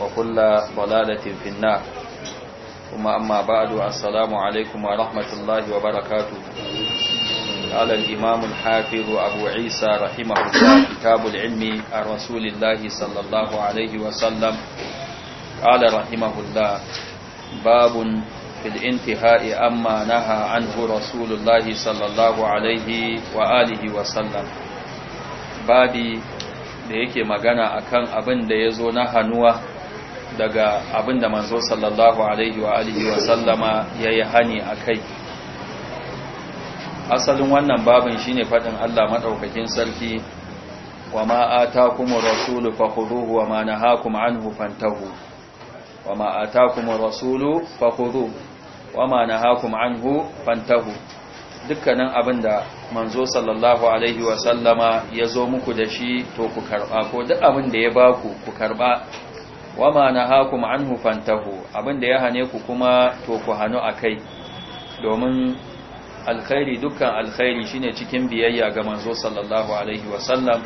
وكل ضلالة في النار ثم أما بعد السلام عليكم ورحمة الله وبركاته قال الإمام الحافظ أبو عيسى رحمه الله كتاب العلم عن رسول الله صلى الله عليه وسلم قال رحمه الله باب في الانتهاء أما نهى عنه رسول الله صلى الله عليه وآله وسلم babi da yake magana akan abin da ya zo na hannuwa daga abin da manzo sallallahu alaihi wa alihi wa sallama ya yi hani a kai. asalin wannan babin shi ne fadin Allah madaukakin sarki wa ma kuma rasulu fakhuduhu wa ma nahakum anhu fantahu wa ma kuma rasulu fakhuduhu wa ma nahakum anhu fantahu dukkanin abin da manzo sallallahu alaihi wa sallama ya zo muku da shi to ku karba ko duk abin da ya baku ku karba wama nahakum anhu fantahu abinda ya hane ku kuma to ku a akai domin alkhairi dukkan alkhairi shine cikin biyayya ga manzo sallallahu alaihi wasallam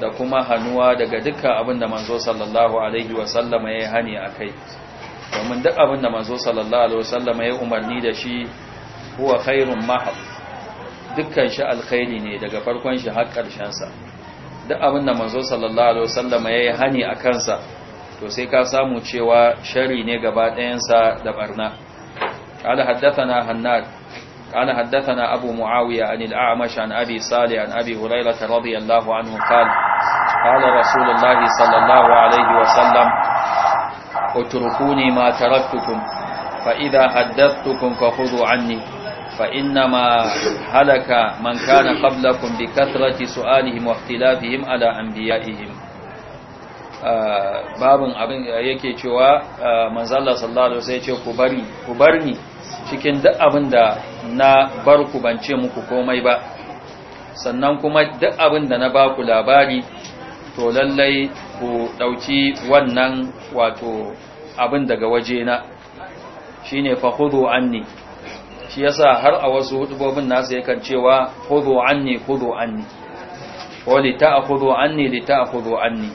da kuma hanuwa daga dukkan abinda manzo sallallahu alaihi wasallam ya hane akai domin duk abinda manzo sallallahu alaihi wasallam ya umarni da shi huwa khairun mahab dukkan shi alkhairi ne daga farkon shi har karshen sa duk abinda manzo sallallahu alaihi wasallam ya hani akansa to sai ka samu cewa shari ne gaba ɗayansa da barna ƙala haddatana hannad ƙala haddatana abu mu'awiya an il'amash an abi sali an abi hulailata radiyallahu an hukal ƙala rasulullahi sallallahu alaihi wasallam uturkuni ma taraktukum fa’ida haddattukun ka hudu anni fa’inna ma halaka man kana qablakum bi kathrati su’alihim wa ala an biya’ihim babin abin yake cewa manzala sallallahu alaihi wasallam ya ce ku bari ku bar cikin duk abin da na bar ku bance muku komai ba sannan kuma duk abin da na ba ku labari to lallai ku dauki wannan wato abin daga waje na shine fa khudhu anni shi yasa har a wasu hudubobin nasu yakan cewa khudhu anni khudhu anni wa li ta'khudhu anni li ta'khudhu anni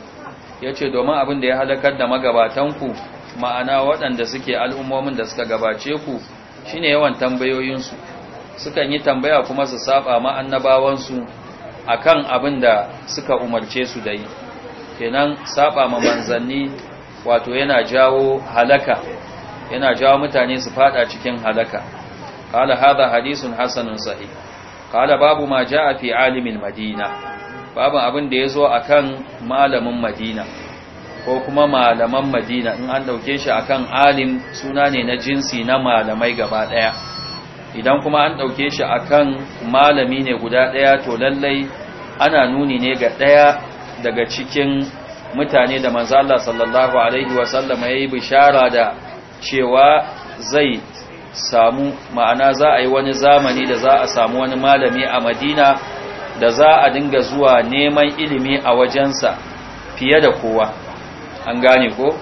ya ce domin abin da ya halakar da magabatanku ma'ana waɗanda suke al'ummomin da suka gabace ku shine yawan tambayoyinsu sukan yi tambaya kuma su saba ma'annabawansu a kan abin da suka umarce su da yi kenan saba ma manzanni wato yana jawo halaka yana jawo mutane su fada cikin halaka kala hadha hadisun hasanun sahih kala babu ma ja a fi alimin madina babu abin da ya zo a kan malamin madina ko kuma malaman madina in an ɗauke shi akan alim suna ne na jinsi na malamai gaba ɗaya idan kuma an ɗauke shi akan malami ne guda ɗaya to lallai ana nuni ne ga ɗaya daga cikin mutane da manzala sallallahu alaihi wasallama ya yi bishara da cewa zai samu ma'ana za a yi wani zamani da za a samu wani malami a madina da za a dinga zuwa neman ilimi a wajensa fiye da kowa an gane ko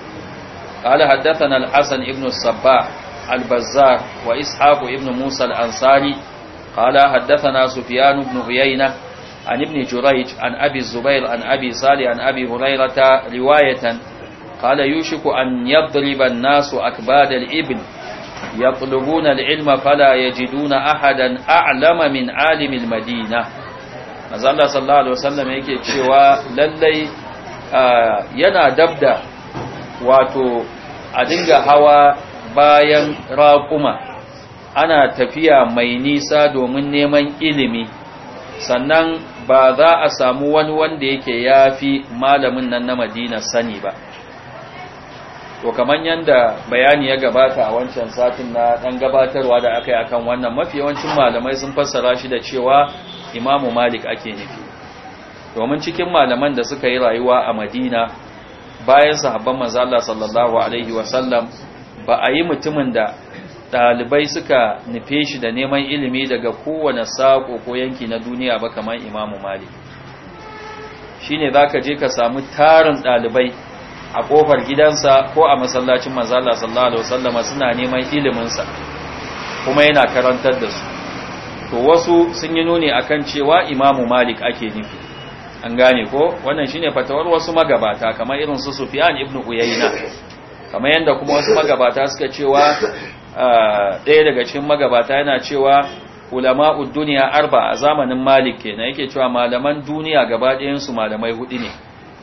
قال حدثنا الحسن ابن الصباح البزار وإسحاق ابن موسى الأنصاري قال حدثنا سفيان بن عيينة عن ابن جريج عن أبي الزبير عن أبي صالح عن أبي هريرة رواية قال يوشك أن يضرب الناس أكباد الإبن يطلبون العلم فلا يجدون أحدا أعلم من عالم المدينة mazala sallallahu alaihi wasallam yake cewa lallai yana dabda wato a dinga hawa bayan raƙuma ana tafiya mai nisa domin neman ilimi sannan ba za a samu wani wanda yake yafi malamin nan na madina sani ba to kaman yanda bayani ya gabata a wancan satin na dan gabatarwa da aka yi akan wannan mafi yawancin malamai sun fassara shi da cewa imamu malik ake nufi domin cikin malaman da suka yi rayuwa a madina bayan sahabban mazala sallallahu alaihi wasallam ba a yi mutumin da ɗalibai suka nufe shi da neman ilimi daga kowane saƙo ko yanki na duniya ba kamar imamu malik shi ne za ka je ka samu tarin ɗalibai a ƙofar gidansa ko a masallacin mazala sallallahu alaihi wasallama suna neman iliminsa kuma yana karantar da su to wasu sun yi nuni akan cewa imamu malik ake nufi an gane ko wannan shine fatawar wasu magabata kamar irin su sufyan ibn uyayna kamar yanda kuma wasu magabata suka cewa ɗaya daga cikin magabata yana cewa ulama'ud duniya arba a zamanin malik kenan yake cewa malaman duniya gaba ɗayan malamai hudu ne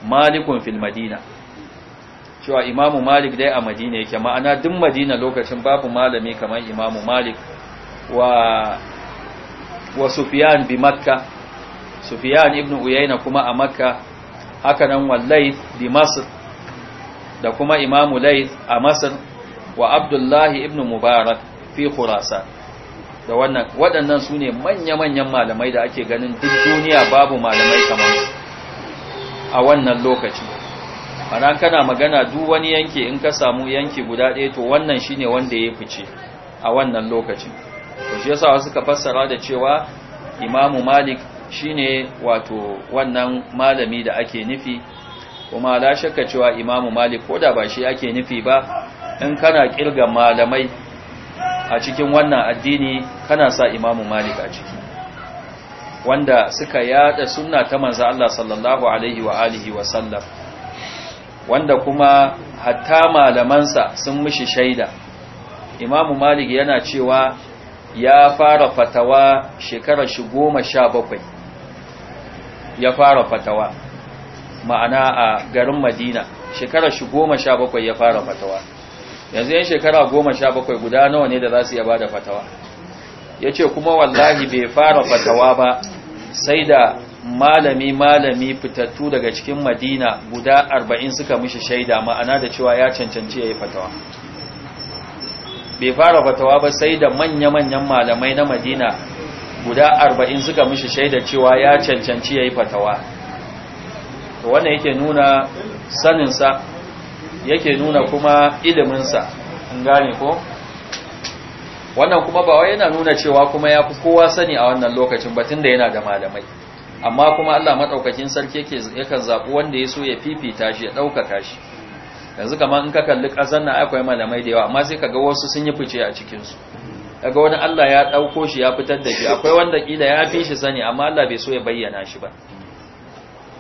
malikun fil madina cewa imamu malik dai a madina yake ma'ana duk madina lokacin babu malami kamar imamu malik wa wa Sufyan bi Makka Sufyan ibn Uyayna kuma a Makka haka nan wallahi bi Masr da kuma Imam Layth a Masr wa Abdullah ibn Mubarak fi Khurasan da wannan waɗannan sune ne manya-manyan malamai da ake ganin duk duniya babu malamai kamar su a wannan lokaci ana kana magana duk wani yanki in ka samu yanki guda ɗaya to wannan shine wanda ya fice a wannan lokacin to shi yasa suka fassara da cewa imamu malik shine wato wannan malami da ake nufi kuma la shakka cewa imamu malik ko da ba shi ake nufi ba in kana kirga malamai a cikin wannan addini kana sa imamu malik a ciki wanda suka yada sunna ta manzo Allah sallallahu alaihi wa alihi wa sallam wanda kuma hatta malamansa sun mishi shaida imamu malik yana cewa ya fara fatawa shekarar shi goma sha bakwai ya fara fatawa ma'ana a garin madina shekarar shi goma sha bakwai ya fara fatawa yanzu yan shekara goma sha bakwai guda nawa ne da za su yaba da fatawa ya ce kuma wallahi bai fara fatawa ba sai da malami-malami fitattu daga cikin madina guda arba'in suka mishi shaida ma'ana da cewa ya cancanci ya yi fatawa bai fara fatawa ba sai da manya-manyan malamai na madina guda arba'in suka mishi shaida cewa ya cancanci ya yi fatawa wannan yake nuna saninsa yake nuna kuma iliminsa in gane ko wannan kuma ba wai yana nuna cewa kuma ya fi kowa sani a wannan lokacin batun da yana da malamai amma kuma allah maɗaukakin sarki yakan zaɓi wanda ya so ya fifita shi ya ɗaukaka shi yanzu kamar in ka kalli ƙasar na akwai malamai da yawa amma sai kaga wasu sun yi fice a cikinsu Daga wani Allah ya ɗauko shi ya fitar da shi akwai wanda ƙila ya fi shi sani amma Allah bai so ya bayyana shi ba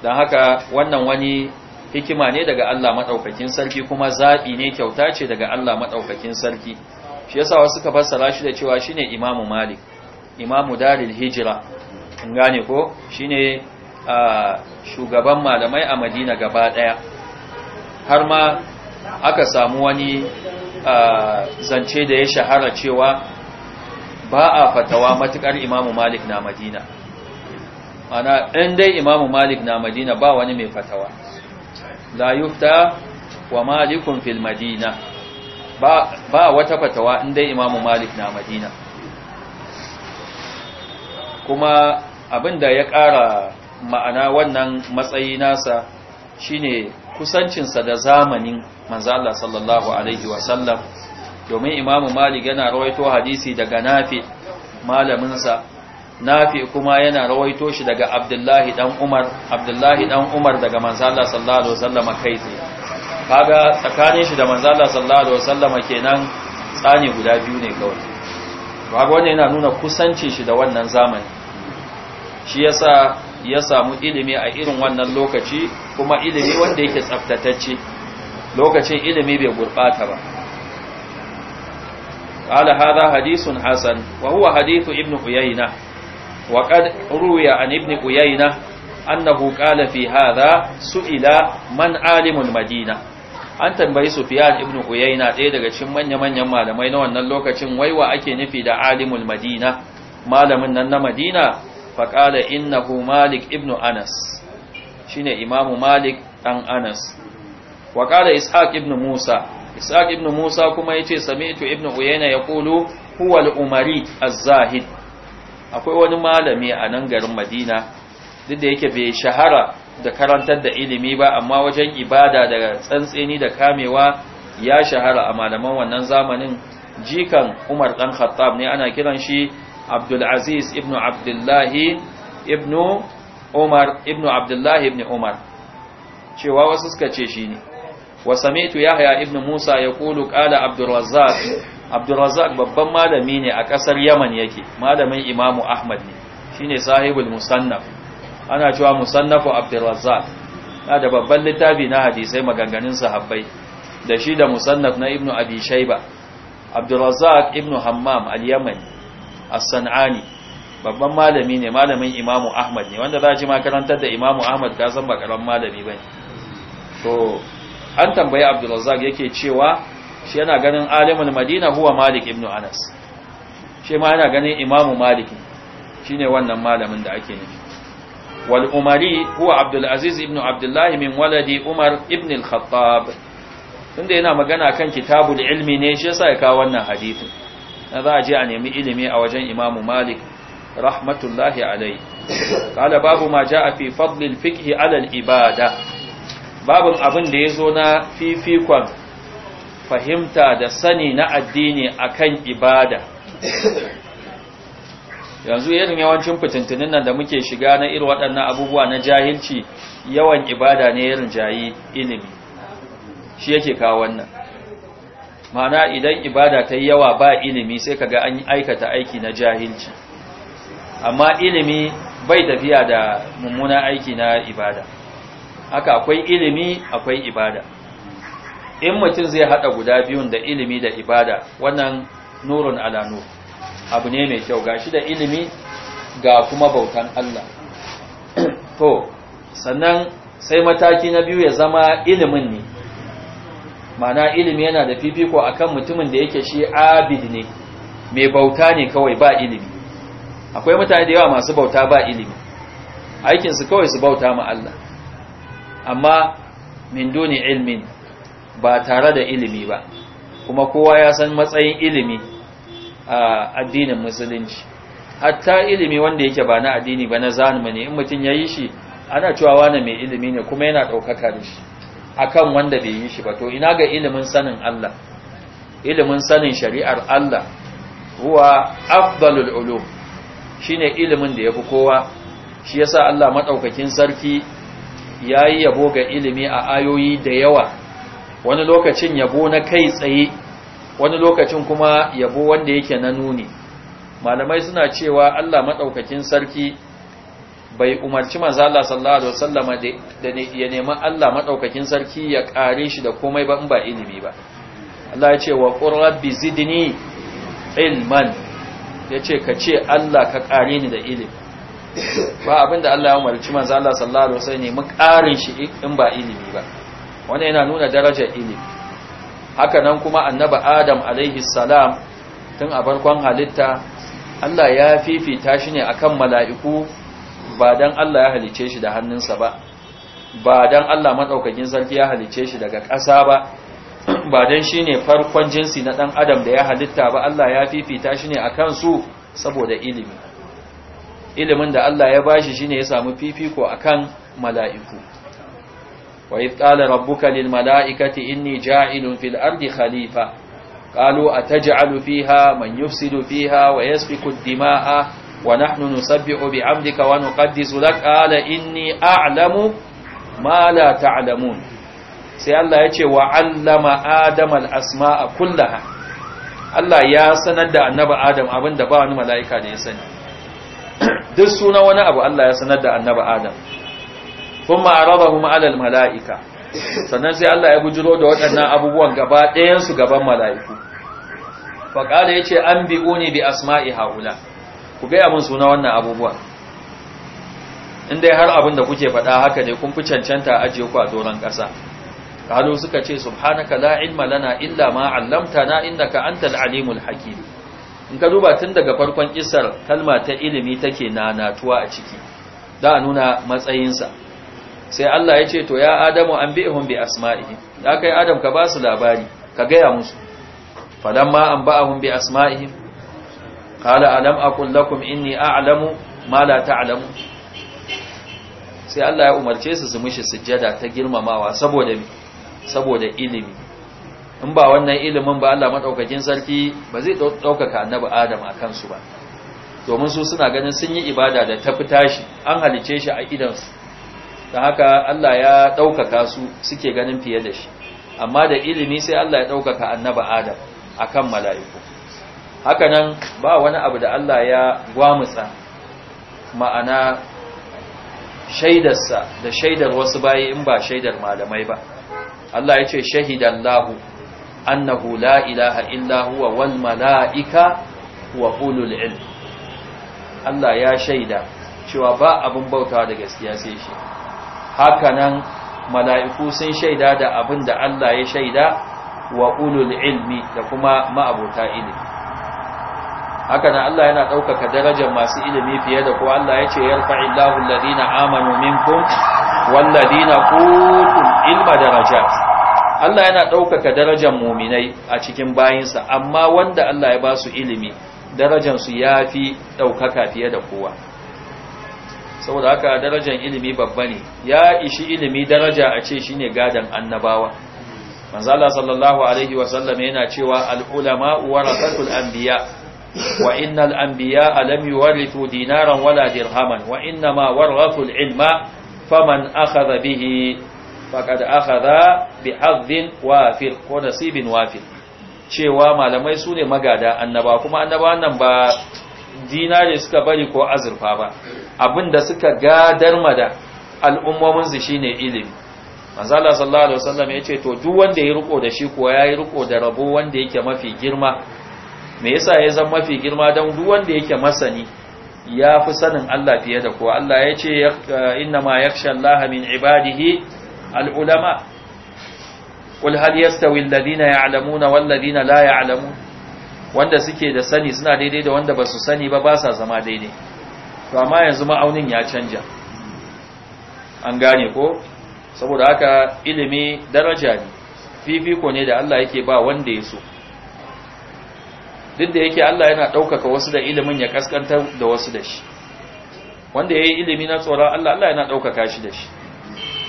don haka wannan wani hikima ne daga Allah maɗaukakin sarki kuma zaɓi ne kyauta ce daga Allah maɗaukakin sarki shi yasa wasu ka fassara shi da cewa shine Imamu Malik Imamu Daril Hijira in gane ko shine ah, shugaban malamai a Madina gaba ɗaya har ma aka samu wani zance da ya shahara cewa ba a fatawa matukar imamu malik na madina mana in dai imamu malik na madina ba wani mai fatawa la yufta wa malikun fil madina ba, a wata fatawa in dai imamu malik na madina kuma abinda ya ƙara ma'ana wannan matsayi nasa shine kusancinsa da zamanin manzala sallallahu alaihi wasallam domin imamu malik yana rawaito hadisi daga nafi malaminsa nafi kuma yana rawaito shi daga abdullahi dan umar abdullahi dan umar daga manzala sallallahu alaihi wasallam kai tsaye kaga tsakanin shi da manzala sallallahu alaihi wasallam kenan tsani guda biyu ne kawai kaga wannan yana nuna kusancin shi da wannan zamani shi yasa ya samu ilimi a irin wannan lokaci kuma ilimi wanda yake tsaftatacce lokacin ilimi bai gurbata ba قال هذا Hassan, حسن وهو حديث ابن عيينة وقد روي عن Ibn عيينة أنه قال في هذا سئل من عالم an tambayi Sufyan ibn Uyayna ɗaya daga cikin manya-manyan malamai na wannan lokacin waiwa ake nufi da alimul Madina malamin nan na Madina faƙala innahu malik ibnu anas shine imamu malik ɗan anas waƙala ishaq ibnu musa ishaq ibnu musa kuma ya ce sami'tu ibnu uyayna ya ƙulu huwa al'umari az-zahid akwai wani malami a nan garin madina duk da yake bai shahara da karantar da ilimi ba amma wajen ibada da tsantseni da kamewa ya shahara a malaman wannan zamanin jikan umar ɗan khattab ne ana kiran shi abdulaziz ibn abdullahi ibn umar cewa wasu suka ce shi ne wa samitu yahya ibn musa ya kulu kala abdurrazzaq abdurrazzaq babban malami ne a kasar yaman yake malamin imamu ahmad ne shine sahibul musannaf ana cewa musannafu abdurrazzaq na da babban littafi na hadisai maganganun sahabbai da shi da musannaf na ibnu abi shayba abdurrazzaq ibn hammam al-yamani as-san'ani babban malami ne malamin imamu ahmad ne wanda za a ji makarantar da imamu ahmad ka san ba karan malami ba to an tambayi abdulrazak yake cewa shi yana ganin alimul madina huwa malik ibn anas shi ma yana ganin imamu malik shine wannan malamin da ake nufi wal umari huwa abdul aziz ibn abdullah min waladi umar ibn al-khattab tunda yana magana kan kitabul ilmi ne shi yasa ya kawo wannan hadithin za a je a nemi ilimi a wajen imamu malik rahmatullahi alai kada babu ma ja a fi fadlin fiƙi alal ibada babin abin da ya zo na fifikon fahimta da sani na addini akan ibada yanzu irin yawancin fitintunin nan da muke shiga na irin waɗannan abubuwa na jahilci yawan ibada ne irin jayi ilimi shi yake kawo wannan ma'ana idan ibada ta yi yawa ba ilimi sai kaga an aikata aiki na jahilci amma ilimi bai tafiya da mummuna aiki na ibada haka akwai ilimi akwai ibada in mutum zai hada guda biyun da ilimi da ibada wannan nurun ala nur abu ne mai kyau gashi da ilimi ga kuma bautan Allah to sannan sai mataki na biyu ya zama ilimin ne ma'ana ilimi yana da fifiko akan mutumin da yake shi abid ne mai bauta ne kawai ba ilimi akwai mutane da yawa masu bauta ba ilimi aikinsu kawai su bauta ma Allah amma min duni ilmin ba tare da ilimi ba kuma kowa ya san matsayin ilimi a addinin musulunci hatta ilimi wanda yake ba na addini ba na zamani in mutum ya yi shi ana cewa wani mai ilimi ne kuma yana ɗaukaka da shi akan wanda bai yi shi ba to ina ga ilimin sanin Allah ilimin sanin shari'ar Allah huwa afdalul ulum shine ilimin da yafi kowa shi yasa Allah madaukakin sarki yayi yabo ga ilimi a ayoyi da yawa wani lokacin yabo na kai tsaye wani lokacin kuma yabo wanda yake na nuni malamai suna cewa Allah madaukakin sarki bai umarci manzo Allah sallallahu alaihi wasallama da ya nemi Allah madaukakin sarki ya kare shi da komai ba in ba ilimi ba Allah ya ce wa qur rabbi zidni ilman ce ka ce Allah ka kare ni da ilimi ba abinda Allah ya umarci manzo Allah sallallahu alaihi wasallam ne mu karin shi in ba ilimi ba wannan yana nuna darajar ilimi haka nan kuma annabi Adam alaihi salam tun a farkon halitta Allah ya fifita shi ne akan mala'iku ba dan Allah ya halice shi da hannunsa ba ba dan Allah maɗaukakin sarki ya halice shi daga ƙasa ba ba dan shine farkon jinsi na ɗan adam da ya halitta ba Allah ya fifita shi ne akan su saboda ilimi ilimin da Allah ya bashi shine ya samu fifiko akan mala'iku wa idh qala rabbuka lil mala'ikati inni ja'ilun fil ardi khalifa قالوا أتجعل man yufsidu fiha wa ويسفك الدماء ونحن نسبح بعمدك ونقدس لك قال إني أعلم ما لا تعلمون سي الله يتي وعلم آدم الأسماء كلها الله يا سند ba wani mala'ika da ya sani duk suna wani abu Allah ya sanar da annabi Adam kuma arabahum ala almalaika sannan sai Allah ya bujiro da waɗannan abubuwan gaba ɗayan su gaban mala'iku fa ya ce an bi'uni bi asma'i haula ku gaya mun suna wannan abubuwa in dai har abin da kuke faɗa haka ne kun fi cancanta a ajiye ku a doron ƙasa kalu suka ce subhanaka la ilma lana illa ma allamta 'allamtana innaka antal alimul hakim in ka duba tun daga farkon kissar kalma ta ilimi take nanatuwa a ciki da nuna matsayinsa sai Allah ya ce to ya adamu an anbi'hum bi asma'ihi da kai adam ka ba su labari ka gaya musu falamma anba'ahum bi asma'ihim kala alam aqul lakum inni a'lamu ma la ta'lamu sai Allah ya umarce su su mishi sujjada ta girmamawa saboda saboda ilimi in ba wannan ilimin ba Allah madaukakin sarki ba zai daukaka annabi Adam akan su ba domin su suna ganin sun yi ibada da ta fita shi an halice shi a su. don haka Allah ya ɗaukaka su suke ganin fiye da shi amma da ilimi sai Allah ya ɗaukaka annabi Adam akan mala'iku hakanan ba wani abu da Allah ya gwamutsa ma'ana shaidarsa da shaidar wasu bayi in ba shaidar malamai ba Allah ya ce shahidallahu annahu la ilaha illa huwa wal mala'ika wa ulul ilm Allah ya shaida cewa ba abin bauta da gaskiya sai shi hakanan mala'iku sun shaida da abin da Allah ya shaida wa ulul ilmi da kuma ma'abota ilimi haka nan Allah yana ɗaukaka darajar masu ilimi fiye da kuwa Allah ya ce yarfa'illahu alladhina amanu minkum walladhina utul ilma daraja. Allah yana ɗaukaka darajar muminai a cikin bayinsa amma wanda Allah ya ba su ilimi darajar su fi ɗaukaka fiye da kowa saboda haka darajar ilimi babba ne ya ishi ilimi daraja a ce shine gadon annabawa manzo sallallahu alaihi wasallam yana cewa al-ulama warasatul anbiya' wa innal anbiya lam yuwarithu dinaran wala dirhaman wa ma warathu al-ilma faman akhadha bihi faqad akhadha bihazzin wafir ko nasibin wafir cewa malamai sune magada annaba kuma annaba nan ba dinare suka bari ko azurfa ba abinda suka gadar mada al'ummomin su shine ilimi manzala sallallahu alaihi wasallam yace to duk wanda ya riko da shi kuwa ya yi riko da rabo wanda yake mafi girma me yasa ya zama mafi girma don duk wanda yake masani ya fi sanin Allah fiye da kowa Allah ya ce eh, inna ma yakhsha Allah min ibadihi al-ulama qul hal yastawi alladhina ya'lamuna wal ladina la ya'lamun wanda suke da sani suna daidai da wanda basu sani ba ba sa zama daidai to amma yanzu ma'aunin ya canja an gane ko saboda haka ilimi daraja ne fifiko ne da Allah yake ba wanda ya so duk da yake Allah yana ɗaukaka wasu da ilimin ya kaskantar da wasu da shi wanda ya yi ilimi na tsoron Allah Allah yana ɗaukaka shi da shi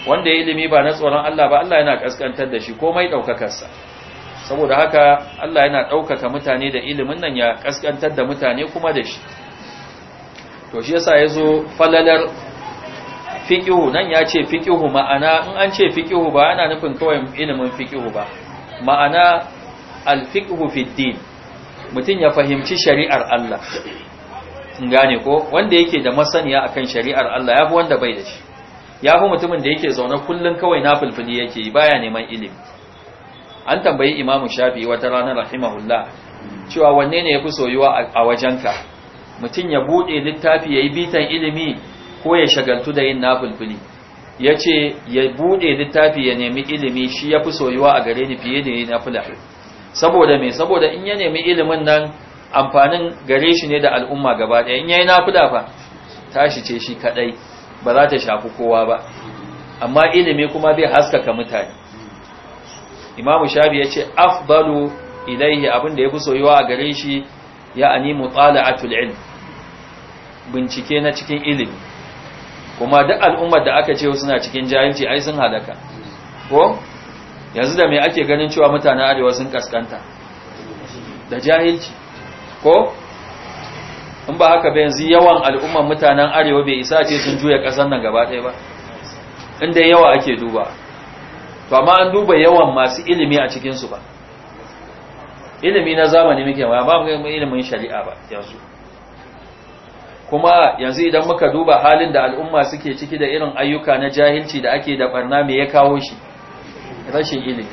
wanda ya ilimi ba na tsoron Allah ba Allah yana kaskantar da shi komai ɗaukakarsa saboda haka Allah yana ɗaukaka mutane da ilimin nan ya kaskantar da mutane kuma da shi to shi yasa yazo falalar fiqihu nan ya ce fiqihu ma'ana in an ce fiqihu ba ana nufin kawai ilimin fiqihu ba ma'ana al-fiqhu mutum ya fahimci shari'ar Allah gane ko wanda yake da masaniya akan shari'ar Allah yafi wanda bai da shi yafi mutumin da yake zaune kullum kawai na fulfuli yake yi baya neman ilimi an tambayi Imam Shafi wata rana rahimahullah cewa wanne ne yafi soyuwa a wajenka mutum ya buɗe littafi yayi bitan ilimi ko ya shagaltu da yin nafulfuli yace ya bude littafi ya nemi ilimi shi yafi soyuwa a gare ni fiye da yin nafula saboda me saboda in ya nemi ilimin nan amfanin gare shi ne da al'umma gaba ɗaya in yayi nafuda fa tashi ce shi kadai ba za ta shafi kowa ba amma ilimi kuma bai haskaka mutane imamu shafi ya ce afdalu ilaihi abinda ya fi soyuwa a gare shi ya ani mutala'atul ilm bincike na cikin ilimi kuma duk al'ummar da aka ce suna cikin jahilci ai sun halaka ko yanzu da mai ake ganin cewa mutanen arewa sun kaskanta da jahilci ko in ba haka ba yanzu yawan al'umman mutanen arewa bai isa ce sun juya kasar nan gaba ɗaya ba inda yawa ake duba to amma an duba yawan masu ilimi a cikinsu ba ilimi na zamani muke ba ba mu ilimin shari'a ba yanzu kuma yanzu idan muka duba halin da al'umma suke ciki da irin ayyuka na jahilci da ake da barna me ya kawo shi rashin ilimi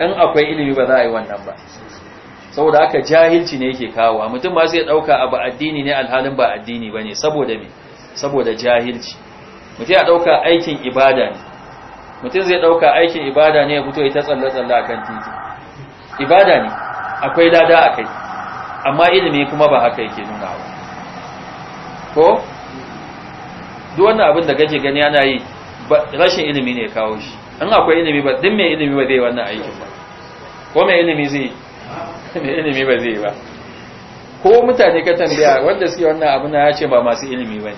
in akwai ilimi ba za a yi wannan ba saboda haka jahilci ne yake kawo mutum ba zai dauka abu addini ne alhalin ba addini bane saboda me saboda jahilci mutum ya dauka aikin ibada ne mutum zai dauka aikin ibada ne ya fito ya ta tsalle tsalle akan titi ibada ne akwai lada akai amma ilimi kuma ba haka yake nuna ba ko duk wannan abin da kake gani ana yi rashin ilimi ne kawo shi in akwai ilimi ba duk mai ilimi ba zai wannan aikin ba ko mai ilimi zai mai ilimi ba zai ba ko mutane ka tambaya wanda suke wannan abu na ya ce ba masu ilimi ba ne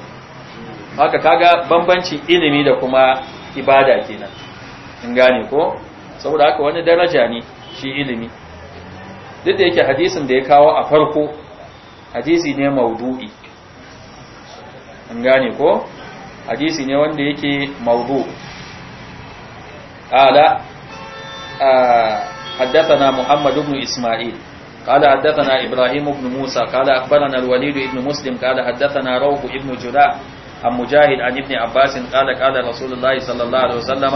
haka kaga bambancin ilimi da kuma ibada kenan in gane ko saboda haka wani daraja ne shi ilimi duk da yake hadisin da ya kawo a farko hadisi ne maudu'i in gane ko hadisi ne wanda yake maudu'i قال حدثنا محمد بن إسماعيل قال حدثنا إبراهيم بن موسى قال أخبرنا الوليد بن مسلم قال حدثنا روح بن جراء عن مجاهد عن ابن عباس قال قال رسول الله صلى الله عليه وسلم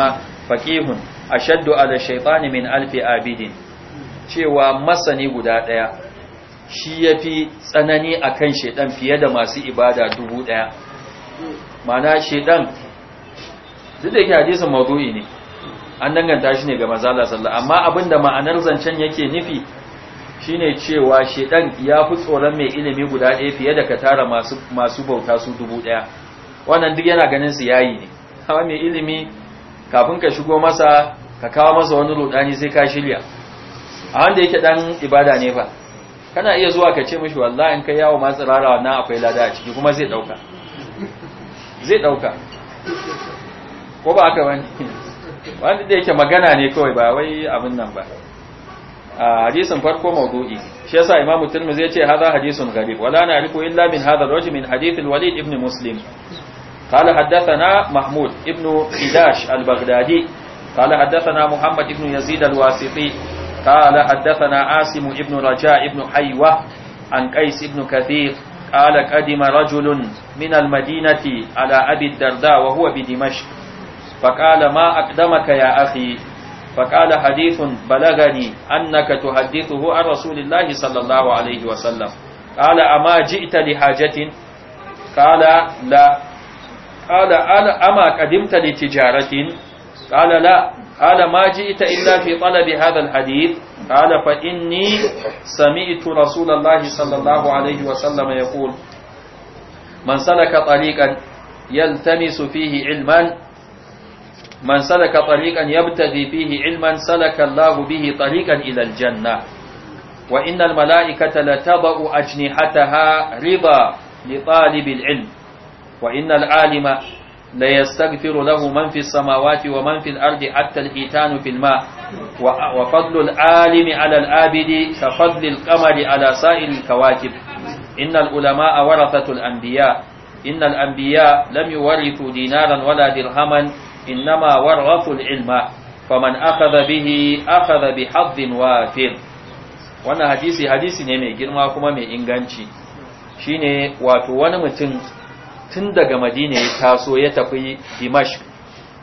فكيه أشد على الشيطان من ألف عابد cewa masani guda ɗaya shi ya fi tsanani a kan shaidan fiye da masu ibada dubu ɗaya mana shaidan duk da yake hadisin maudu'i ne an danganta shi ne ga manzala sallallahu amma abinda ma'anar zancen yake nufi shine cewa shedan ya fi tsoron mai ilimi guda ɗaya fiye da katara tara masu masu bauta su dubu ɗaya wannan duk yana ganin su yayi ne amma mai ilimi kafin ka shigo masa ka kawo masa wani rudani sai ka shirya a wanda yake dan ibada ne fa kana iya zuwa ka ce mishi wallahi in kai yawo ma tsirara wannan akwai lada a ciki kuma zai dauka zai dauka ko ba haka bane wanda da yake magana ne kawai ba wai abin nan ba a hadisin farko mawdu'i shi yasa imamu tirmi zai ce hadha hadisun gharib wala na rifu illa min hadha rajul min hadithil walid ibn muslim qala haddathana mahmud ibn idash al-baghdadi qala haddathana muhammad ibn yazid al-wasiti qala haddathana asim ibn raja ibn haywa an qais ibn kathir kala Kadima rajulun minal madinati ala abi ad-darda wa huwa فقال ما أقدمك يا أخي فقال حديث بلغني أنك تحدثه عن رسول الله صلى الله عليه وسلم قال أما جئت لحاجة قال لا قال أما قدمت لتجارة قال لا قال ما جئت إلا في طلب هذا الحديث قال فإني سمعت رسول الله صلى الله عليه وسلم يقول من سلك طريقا يلتمس فيه علما man salaka tariqan yabtaghi fihi ilman salaka Allahu bihi tariqan ila al-janna wa innal mala'ikata latabu ajnihataha riba li talibil ilm wa innal alima la yastaghfiru lahu man fis samawati wa man fil ardi hatta al-hitanu fil ma wa fadlu al-alimi ala al-abidi ka fadli al-qamari ala sa'il al-kawakib innal ulama'a warathatul anbiya' innal الأنبياء lam يورثوا dinaran ولا dirhaman? إنما ورغف العلم فمن أخذ به أخذ بحظ وافر wafir wannan hadisi hadisi ne mai girma kuma mai inganci shine wato wani mutum tun daga Madina ya taso ya tafi Dimashq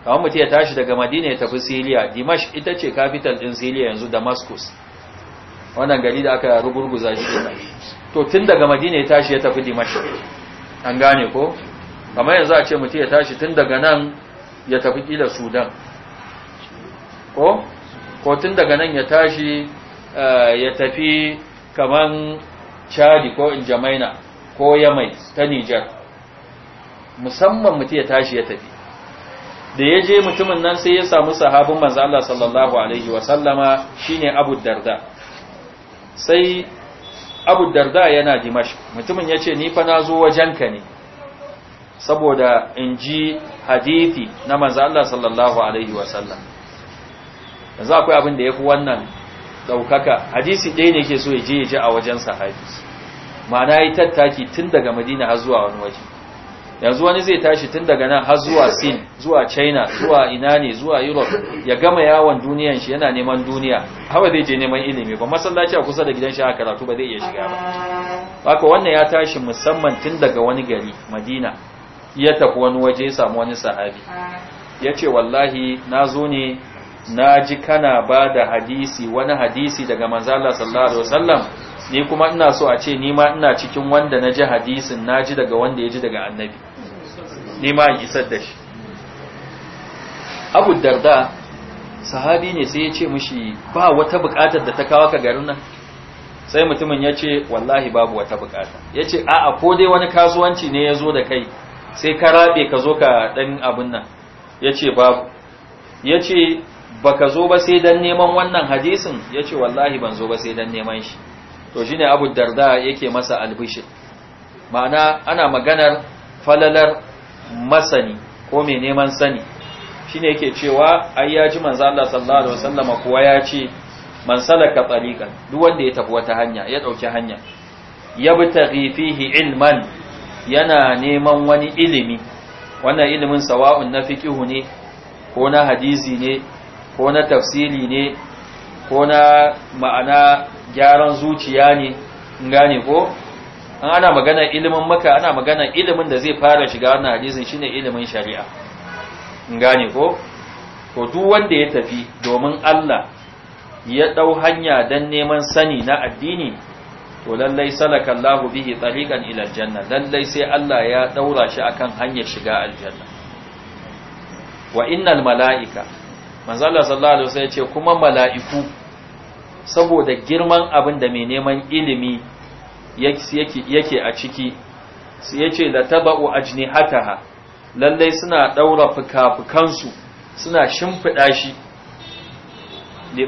kawai mutum ya tashi daga Madina ya tafi Siriya, Dimashq ita ce capital din Siriya yanzu Damascus wannan gari da aka rugurguza shi kenan to tun daga Madina ya tashi ya tafi Dimashq an gane ko kamar yanzu a ce mutum ya tashi tun daga nan ya tafi kila sudan ko ko tun daga nan ya tashi eh, ya tafi kaman chadi ko Jamaina ko yamai ta nijar musamman mutum ya tashi ya tafi da ya je mutumin nan sai ya samu sahabin manzo Allah sallallahu alaihi wa sallama shine Abu Darda sai Abu Darda yana Dimash, mutumin yace ni fa nazo wajenka ne saboda in ji hadithi na manzo Allah sallallahu alaihi wasallam yanzu akwai abin da fi wannan daukaka hadisi ɗaya ne yake so ya je ya ji a wajen sahabi ma'ana yi tattaki tun daga Madina har zuwa wani waje yanzu wani zai tashi tun daga nan har zuwa Sin zuwa China zuwa ina ne zuwa Europe ya gama yawon duniyan shi yana neman duniya hawa zai je neman ilimi ba masallaci a kusa da gidan shi a karatu ba zai iya shiga ba haka wannan ya tashi musamman tun daga wani gari Madina ya tafi wani waje ya samu wani sahabi ya ce wallahi na zo ne na ji kana ba da hadisi wani hadisi daga manzala sallallahu alaihi wasallam ni kuma ina so a ce ni ma ina cikin wanda na ji hadisin na ji daga wanda ya ji daga annabi ni ma isar da shi abu darda sahabi ne sai ya ce mushi ba wata bukatar da ta kawo ka garin nan sai mutumin ya ce wallahi babu wata bukata ya ce a'a ko dai wani kasuwanci ne ya zo da kai sai ka rabe ka zo ka dan abin nan yace babu yace baka zo ba sai dan neman wannan hadisin yace wallahi ban zo ba sai dan neman shi to shine Abu Darda yake masa albishir ma'ana ana maganar falalar masani ko mai neman sani shine yake cewa ai ya ji manzo Allah sallallahu alaihi wasallama kuwa ya ce man salaka tariqan duk wanda ya tafi wata hanya ya ɗauki hanya Ya yabtaghi fihi ilman yana neman wani ilimi wannan ilimin sawa'un na fiqihu ne ko na hadisi ne ko na tafsiri ne ko na ma'ana gyaran zuciya ne gane ko an ana magana ilimin maka ana magana ilimin da zai fara shiga wannan hadisin shine ilimin shari'a gane ko ko duk wanda ya tafi domin Allah ya dau hanya dan neman sani na addini to lallai salaka Allahu bihi tariqan ila janna. lallai sai Allah ya daura shi akan hanyar shiga aljanna wa innal malaika manzala sallallahu alaihi wasallam ya ce kuma mala'iku saboda girman abin da mai neman ilimi yake a ciki ya ce da taba'u ajnihataha lallai suna daura fuka-fukansu suna shimfiɗa shi li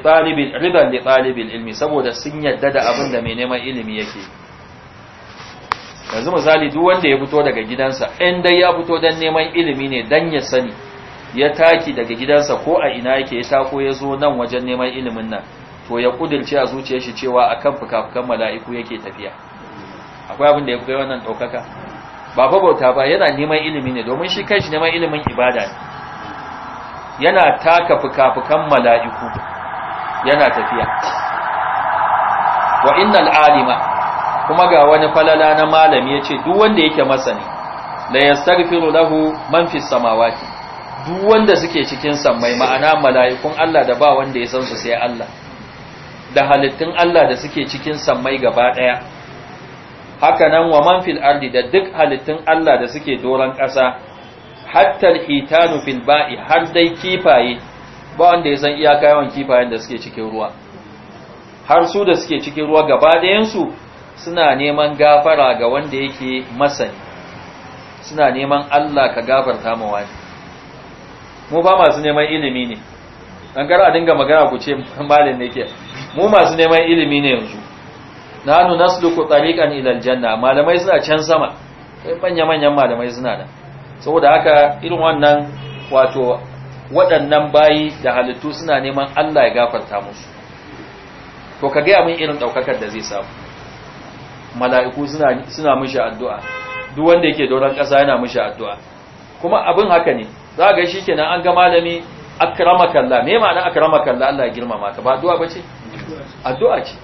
riban li talibin ilmi saboda sun yadda da abin da mai neman ilimi yake yanzu misali duk wanda ya fito daga gidansa in dai ya fito don neman ilimi ne dan ya sani ya taki daga gidansa ko a ina yake ya tako ya zo nan wajen neman ilimin nan to ya kudirce a zuciyar shi cewa akan fukan mala'iku yake tafiya akwai abin da ya kai wannan daukaka ba bauta ba yana neman ilimi ne domin shi kai kanshi neman ilimin ibada ne yana taka fuka-fukan mala'iku yana tafiya wa innal alima kuma ga wani falala na malami yace duk wanda yake masani la yastaghfiru lahu man fis samawati duk wanda suke cikin sammai ma'ana mala'ikun Allah da ba wanda ya san su sai Allah da halittun Allah da suke cikin sammai gaba daya haka nan wa man fil ardi da duk halittun Allah da suke doran ƙasa hatta al itanu fil ba'i har dai kifaye ba wanda ya san iyaka yawan kifayen da suke cikin ruwa har su da suke cikin ruwa gaba ɗayansu suna neman gafara ga wanda yake masani suna neman Allah ka gafarta ma wani mu ba masu neman ilimi ne an gara a dinga magana ku ce malin ne ke mu masu neman ilimi ne yanzu Na nanu nasluku tariqan ila aljanna malamai suna can sama sai manya manyan malamai suna da saboda haka irin wannan wato waɗannan bayi da halittu suna neman Allah ya gafarta musu to ka gaya min irin ɗaukakar da zai samu mala'iku suna mishi addu'a duk wanda yake doron ƙasa yana mishi addu'a kuma abin haka ne za ga shi kenan an ga malami kalla, me ma'ana kalla, Allah ya girmama ka ba addu'a ba ce addu'a ce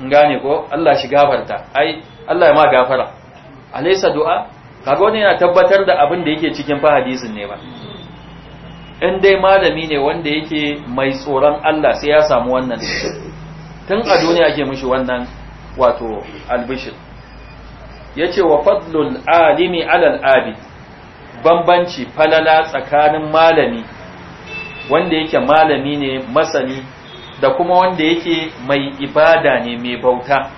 in gane ko Allah shi gafarta ai Allah ya ma gafara alaysa du'a kaga wani yana tabbatar da abin da yake cikin fa hadisin ne ba in dai malami ne wanda yake mai tsoron Allah sai ya samu wannan tun a duniya ake mishi wannan wato albishir ce wa fadlul alimi alal abid bambanci falala tsakanin malami wanda yake malami ne masani da kuma wanda yake mai ibada ne mai bauta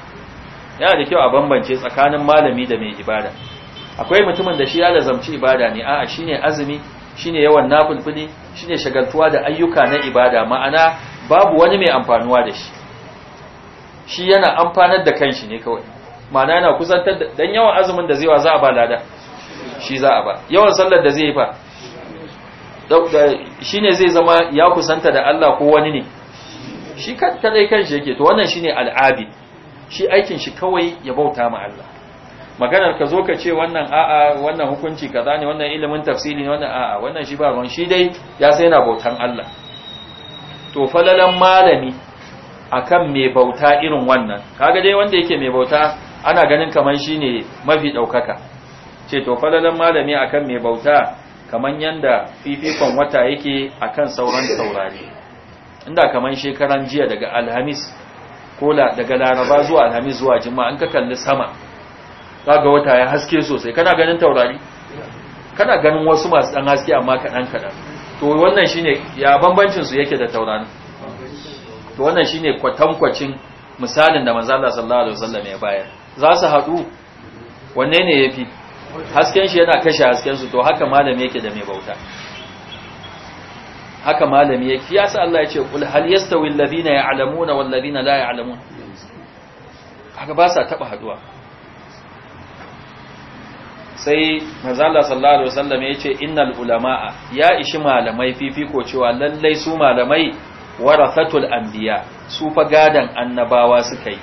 yana da kyau a bambance tsakanin malami da mai ibada akwai mutumin da shi ya lazamci ibada ne a'a shine azumi shine yawan nafulfuni shine shagaltuwa da ayyuka na ibada ma'ana babu wani mai amfanuwa da shi shi yana amfanar da kanshi ne kawai ma'ana yana kusantar da dan yawan azumin da zai wa za a ba lada shi za a ba yawan sallar da zai yi fa shine zai zama ya kusanta da Allah ko wani ne shi kadai kanshi yake to wannan shine al'abi, shi aikin shi kawai ya bauta ma Allah maganar ka zo ka ce wannan a'a wannan hukunci kaza ne wannan ilimin tafsiri ne wannan a'a wannan shi ba ruwan shi dai ya sai yana bautan Allah to falalan malami akan mai bauta irin wannan kaga dai wanda yake mai bauta ana ganin kaman shine mafi daukaka ce to falalan malami akan mai bauta kaman yanda fifikon wata yake akan sauran saurare inda kaman shekaran jiya daga alhamis ko daga laraba zuwa alhamis zuwa juma'a an ka kalli sama za ga wata ya haske sosai kana ganin taurari kana ganin wasu masu ɗan haske amma kaɗan kaɗan to wannan shine ya bambancin su yake da taurarin to wannan shine kwatankwacin misalin da manzo Allah sallallahu alaihi wasallam ya bayar za su haɗu wanne ne yafi hasken shi yana kashe hasken su to haka malami yake da mai bauta haka malami yake ya sa Allah ya ce kul hal yastawi alladhina ya'lamuna wal ladina la ya'lamun haka ba sa taba haduwa sai manzala sallallahu alaihi wasallam ya ce innal ulama'a ya ishi malamai fifiko cewa lallai su malamai warathatul anbiya su fa gadan annabawa suka yi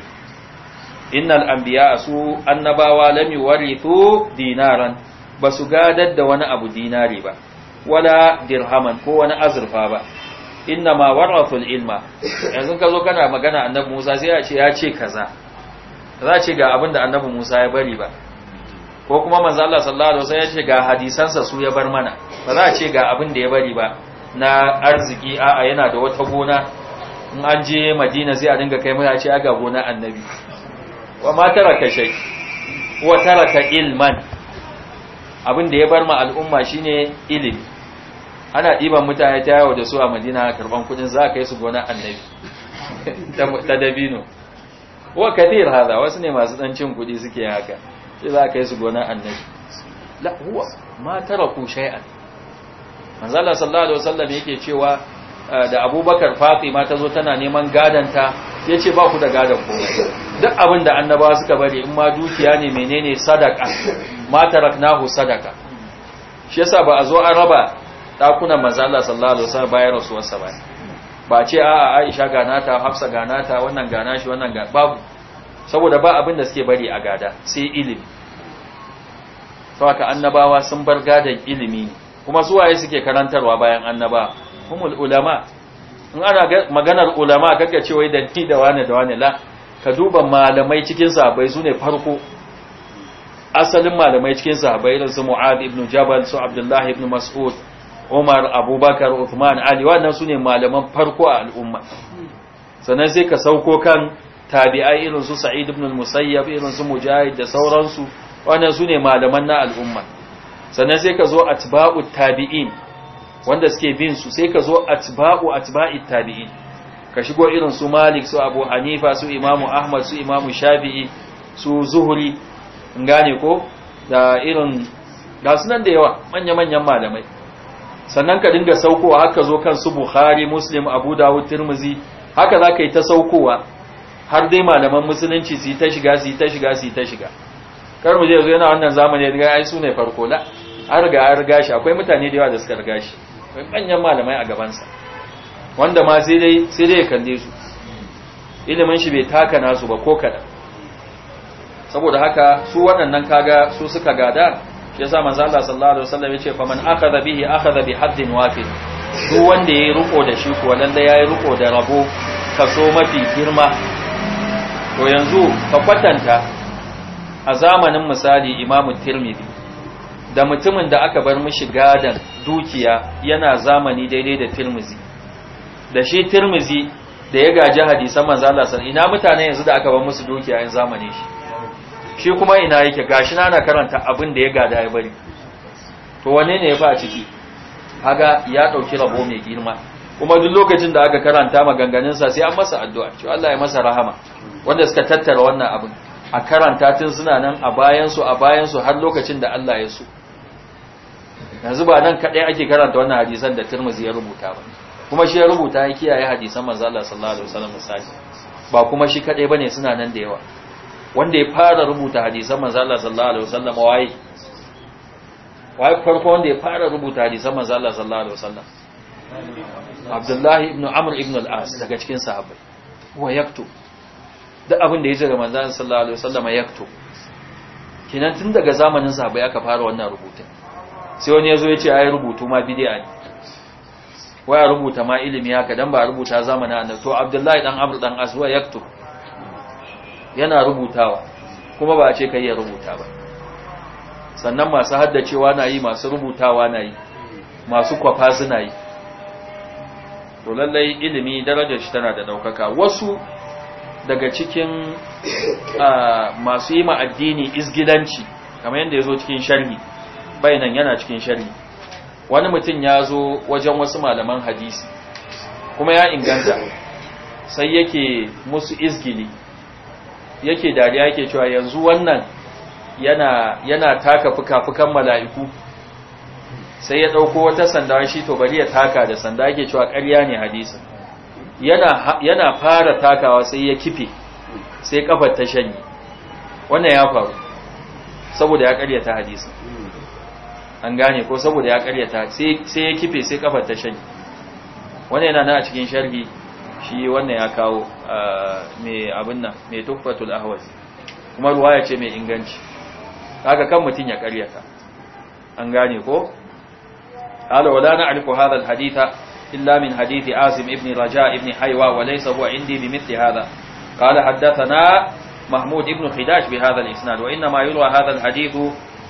innal anbiya su annabawa lam yuwarithu dinaran basu gadar da wani abu dinari ba wala dirhaman ko wani azurfa ba innama warathul ilma yanzu ka zo kana magana annabi Musa sai ya ce ya ce kaza za ce ga abinda annabi Musa ya bari ba ko kuma manzo Allah sallallahu alaihi wasallam ya ce ga hadisansa su ya bar mana ba za a ce ga abin da ya bari ba na arziki a'a yana da wata gona in an je Madina sai a dinga kai mana ce aga gona annabi wa ma taraka shay wa taraka ilman abin da ya bar ma al'umma shine ilimi ana ɗiban mutane ta yawo da su a Madina karban kudin za a kai su gona annabi ta dabino wa kadir hada wasu ne masu ɗancin cin kudi suke haka sai za ka yi su gona annabi la huwa ma taraku shay'an manzo Allah sallallahu alaihi wasallam yake cewa ah, da Abubakar Fatima ta zo tana neman gadanta ce ba ku da gadan ku. duk abin da annabawa suka bari in ma dukiya ne menene sadaka ma taraknahu sadaka shi yasa ba a zo an raba dakunan manzala sallallahu alaihi wasallam bayan rasuwarsa ba ba ce a'a Aisha ganata Hafsa ganata wannan gana shi wannan babu saboda ba abin da suke bari a gada sai ilimi saboda annabawa sun bar gadan ilimi kuma yai suke karantarwa bayan annaba humul ulama in ana maganar ulama kaga cewa da ni da wane da wane la ka duba malamai cikin sahabbai su farko asalin malamai cikin sahabbai irin su Mu'ad ibn Jabal su Abdullahi ibn Mas'ud Umar Abubakar Uthman Ali wannan su malaman farko a al'umma sannan sai ka sauko kan tabi'ai irin su sa'id ibn musayyab irin su mujahid da sauransu wannan su ne malaman na al'umma sannan sai ka zo atba'u tabi'in wanda suke bin su sai ka zo atba'u atba'i tabi'in ka shigo irin su malik su abu hanifa su imamu ahmad su imamu shafi'i su zuhuri gane ko da irin ga sunan da yawa manya-manyan malamai sannan ka dinga saukowa haka zo kan su bukhari muslim abu dawud tirmizi haka za ka yi ta saukowa har dai malaman musulunci su yi ta shiga su yi ta shiga su yi ta shiga kar mu je zo yana wannan zamani ya yi su ne farko la an riga an riga shi akwai mutane da yawa da suka riga shi akwai manyan malamai a gabansa wanda ma sai dai sai dai ya kalle su ilimin shi bai taka nasu ba ko kada saboda haka su waɗannan kaga su suka gada shi yasa manzo Allah sallallahu alaihi wasallam yace faman akhadha bihi akhadha bi haddin wafid duk wanda yayi riko da shi ko lalle yayi riko da rabo kaso mafi girma to yanzu ka kwatanta a zamanin misali imamu tirmidhi da mutumin da aka bar mishi gadan dukiya yana zamani daidai da tirmizi da shi tirmizi da ya gaji hadisan manzo Allah san ina mutane yanzu da aka bar musu dukiya yan zamani shi shi kuma ina yake gashi na karanta abin da ya gada ya bari to wane ne ya fa a ciki kaga ya dauki rabo mai girma kuma duk lokacin da aka karanta maganganun sa sai an masa addu'a cewa Allah ya masa rahama wanda suka tattara wannan abin a karanta tun suna nan a bayansu a bayansu har lokacin da Allah ya so yanzu ba nan kaɗai ake karanta wannan hadisan da turmuzi ya rubuta ba kuma shi ya rubuta ya kiyaye hadisan manzo Allah sallallahu alaihi wasallam misali ba kuma shi kaɗai bane suna nan da yawa wanda ya fara rubuta hadisan manzo Allah sallallahu alaihi wasallam waye waye farko wanda ya fara rubuta hadisan manzo Allah sallallahu alaihi wasallam Abdullahi ibn Amr ibn al-As daga cikin sahabbai wa yaktubu duk abin da ya ji daga manzan sallallahu alaihi wasallam kuto kinan tun daga zamanin ya aka fara wannan rubutun sai wani yazo ya ce ai rubutu ma bid'a ne waya rubuta ma ilimi haka dan ba rubuta zamanin annabi to abdullahi dan amr dan aswa kuto yana rubutawa kuma ba a ce kai ya rubuta ba sannan masu haddacewa na yi masu rubutawa na yi masu kwafa suna yi to lallai ilimi darajar shi tana da daukaka wasu daga cikin ah, masu yi ma'addini izgilanci kamar yadda ya zo cikin shari'i bayanan yana cikin sharhi wani mutum ya zo wajen wasu malaman hadisi kuma ya inganta sai yake musu izgili yake dariya yake cewa yanzu wannan yana taka fuka-fukan mala'iku sai ya ɗauko wata sanda shi to bari ya taka da sanda yake cewa ƙarya ne hadisin yana fara takawa sai ya kife sai kafar ta shanye wannan ya faru saboda ya karyata hadisi an gane ko saboda ya karyata sai ya kife sai kafar ta shanye wannan yana nan a cikin sharhi shi wannan ya kawo mai abin nan mai tuffatul ahwazi kuma ruwaya ce mai inganci haka kan mutum ya karyata an gane ko قال ولا نعرف هذا hadita إلا من حديث عاصم ابن رجاء ابن حيوى وليس هو عندي بمثل هذا قال حدثنا محمود ابن خداش بهذا الإسناد وإنما يروى هذا الحديث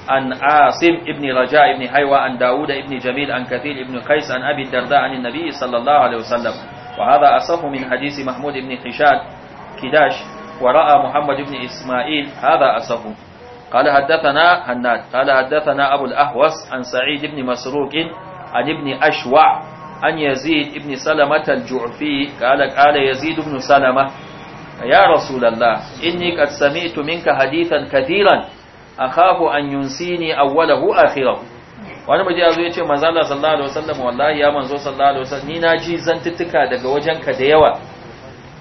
عن عاصم ابن رجاء ابن حيوى عن داود ابن جميل عن كثير ابن قيس عن أبي الدرداء عن النبي صلى الله عليه وسلم وهذا أصف من حديث محمود ابن خشاد كداش ورأى محمد ابن إسماعيل هذا أصح قال حدثنا هناد قال حدثنا أبو الأهوس عن سعيد ابن مسروق عن ابن أشوع an yazid ibn salamah al-ju'fi qala qala yazid ibn salamah ya rasulullah inni qad sami'tu minka hadithan kathiran akhafu an yunsini awwalahu akhirahu wani mutum yazo yace manzo Allah sallallahu alaihi wasallam wallahi ya manzo sallallahu alaihi wasallam ni naji zantuttuka daga wajenka da yawa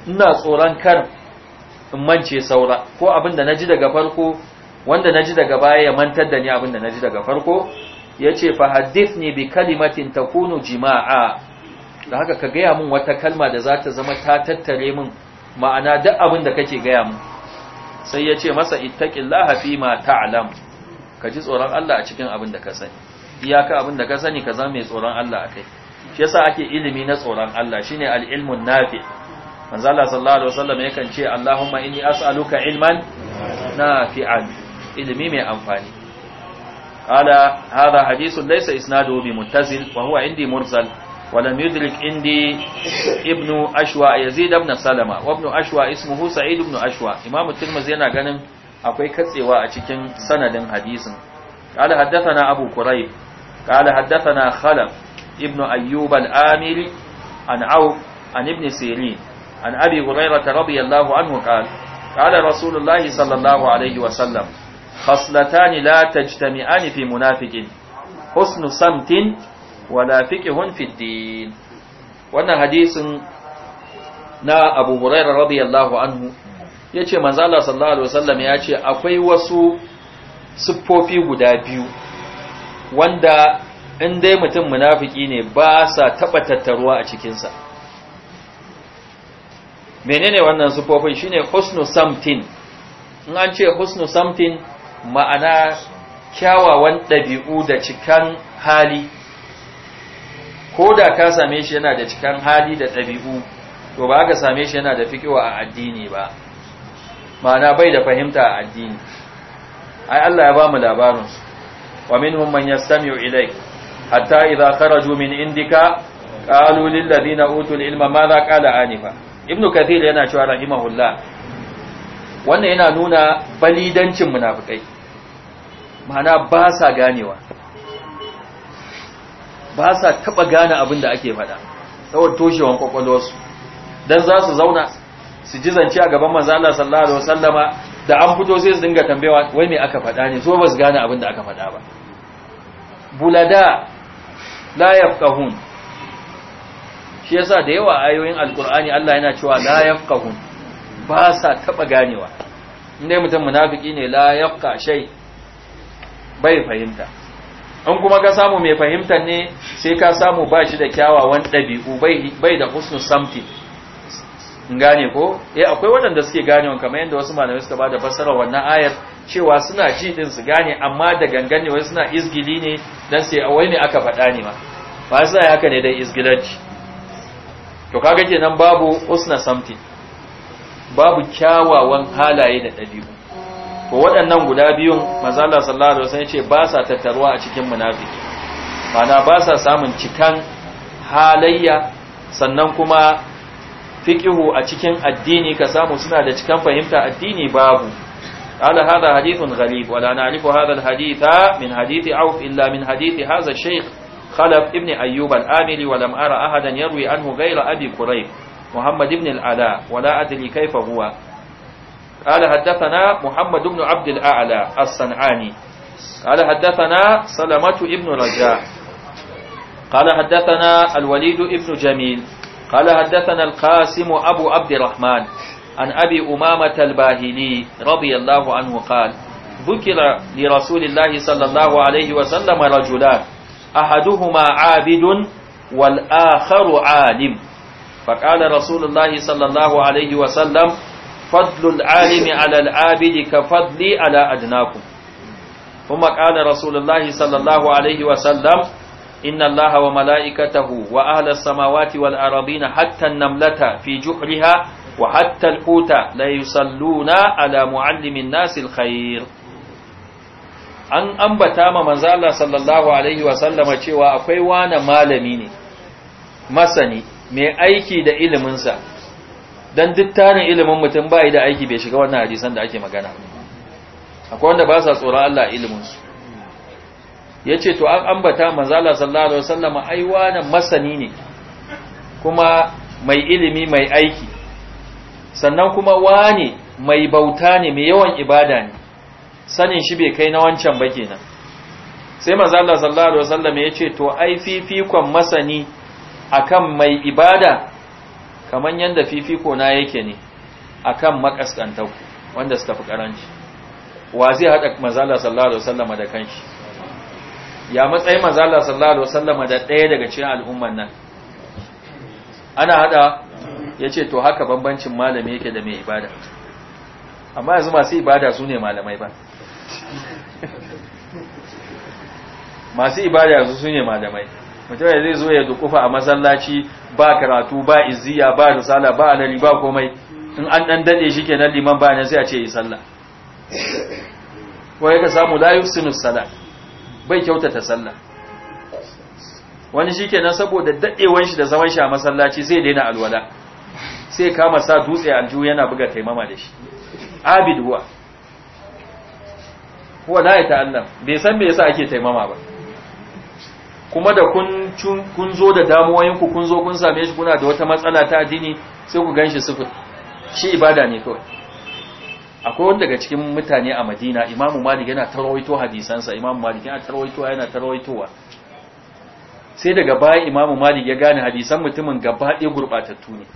ina tsoron kar in mance saura ko abin da naji daga farko wanda naji daga baya ya mantar da ni abin da naji daga farko Ya ce, fa ne bi kalimatin Kunu jima'a da haka ka gaya min wata kalma da za ta zama ta tattare min ma'ana duk abin da kake gaya min sai yace masa ittaqillaha fi ma ta'lam ka ji tsoron Allah a cikin abin da ka sani iyaka abin da ka sani ka zama mai tsoron Allah akai shi yasa ake ilimi na tsoron Allah shine ne al'ilmun, nafi manzo Allah sallallahu alaihi wasallam yakan ce Allahumma inni as'aluka ilman nafi'an ilimi mai amfani قال هذا حديث ليس إسناده بمتصل وهو عندي مرسل ولم يدرك عندي ابن أشوى يزيد بن سلمة وابن أشوى اسمه سعيد بن أشوى إمام الترمذي yana ganin akwai katsewa a cikin sanadin hadisin قال حدثنا أبو كريب قال حدثنا خلف ابن أيوب الآمري عن عوف عن ابن سيرين عن أبي هريرة رضي الله عنه قال قال رسول الله صلى الله عليه وسلم khaslatani la tajtami'ani fi munafiqin husnu samtin wala fiqhun fi din wannan hadisin na Abu Hurairah radiyallahu anhu yace manzo Allah sallallahu alaihi wasallam yace akwai wasu siffofi guda biyu wanda in dai mutum munafiki ne ba sa taba tattaruwa a cikinsa menene wannan sufofin shine husnu samtin in an ce husnu samtin ma'ana kyawawan ɗabi'u da cikan hali ko da ka same shi yana da cikan hali da ɗabi'u to ba ka same shi yana da fikiwa a addini ba ma'ana bai da fahimta a addini ai Allah ya ba mu labarin wa minhum man yastami'u ilayk hatta idza kharaju min indika qalu lil ladina utul ilma madha qala anifa ibnu kathir yana cewa rahimahullah wannan yana nuna balidancin munafikai ma'ana ba sa ganewa ba sa taɓa gane abin da ake faɗa tsawon toshewan su. don za su zauna su ji zance a gaban manzana sallallahu alaihi wasallama da an fito sai su dinga tambayawa wai me aka faɗa ne so ba su gane abin da aka faɗa ba bulada la yafqahun shi yasa da yawa ayoyin alkur'ani Allah yana cewa la yafqahun ba sa taɓa ganewa indai mutum munafiki ne la yafqa bai fahimta in kuma ka samu mai fahimta ne sai ka samu ba shi da kyawawan ɗabi'u bai da husnu samti gane ko eh akwai waɗanda suke gane ganewa kamar yadda wasu malamai suka bada fassara wannan ayar cewa suna ji din su gane amma da gangane wai suna izgili ne dan sai wai ne aka faɗa ne ma ba su haka ne dan izgilanci to kaga kenan babu usna samti babu kyawawan halaye da ɗabi'u ko waɗannan guda biyun mazala sallallahu alaihi wasallam ce ba sa tattaruwa a cikin munafiki mana ba sa samun cikan halayya sannan kuma fiƙihu a cikin addini ka samu suna da cikan fahimta addini babu ala Hadithin hadithun ghalib wala na'rifu hadha alhaditha min hadithi auf illa min hadithi hadha ash khalaf ibni ayyub al-amili wa lam ahadan yarwi anhu ghayra abi quraib muhammad ibn ala wala adri kayfa huwa قال حدثنا محمد بن عبد الأعلى الصنعاني قال حدثنا سلمة ابن رجاء قال حدثنا الوليد ابن جميل قال حدثنا القاسم أبو عبد الرحمن عن أبي أمامة الباهلي رضي الله عنه قال ذكر لرسول الله صلى الله عليه وسلم رجلان أحدهما عابد والآخر عالم فقال رسول الله صلى الله عليه وسلم fadlul alimi ala al'abidi ka fadli ala adnakum kuma qala rasulullahi sallallahu alaihi wa sallam inna allaha wa mala'ikatahu wa ahla samawati wal ardina hatta namlata fi juhriha wa hatta al-huta la ala muallimin nasi al an ambata ma manzo Allah sallallahu alaihi wa sallama cewa akwai wani malami ne masani mai aiki da iliminsa dan duk tarin ilimin mutum bai da aiki bai shiga wannan hadisan da ake magana akwai wanda ba sa tsoron Allah ilimin su yace to an ambata manzo Allah sallallahu alaihi wasallam ai wannan masani ne kuma mai ilimi mai aiki sannan kuma wane mai bauta ne mai yawan ibada ne sanin shi bai kai na wancan ba kenan sai manzo Allah sallallahu alaihi wasallam yace to ai fifikon masani akan mai ibada kamar yadda fifiko na yake ne akan makaskantanku wanda suka fi karanci wa zai haɗa mazala sallallahu alaihi wasallam da kanshi ya matsayin mazala sallallahu alaihi wasallam da ɗaya daga cikin al'umman nan ana haɗa yace to haka bambancin malami yake da mai ibada amma yanzu masu ibada su ne malamai ba masu ibada yanzu su ne malamai mutum ya zai zo ya dukufa a masallaci ba karatu ba izziya ba risala ba alali ba komai in an dan dade shi kenan liman ba ne sai a ce yi sallah ko ya samu la yusinu salat bai kyautata sallah wani shi kenan saboda dadewan shi da zaman shi a masallaci zai daina alwala sai kama sa dutse aljihu yana buga taimama da shi abid huwa huwa la ya ta'allam bai san me yasa ake taimama ba kuma da kun zo da damuwoyinku kun zo kun same shi kuna da wata matsala ta addini sai ku ganshi sufur shi ibada ne kawai akwai wanda daga cikin mutane a madina imamu malik yana tarwaito hadisansa imamu malik yana tarwaitowa yana tarwaitowa sai daga baya imamu malik ya gane hadisan mutumin gaba ɗaya gurɓatattu ne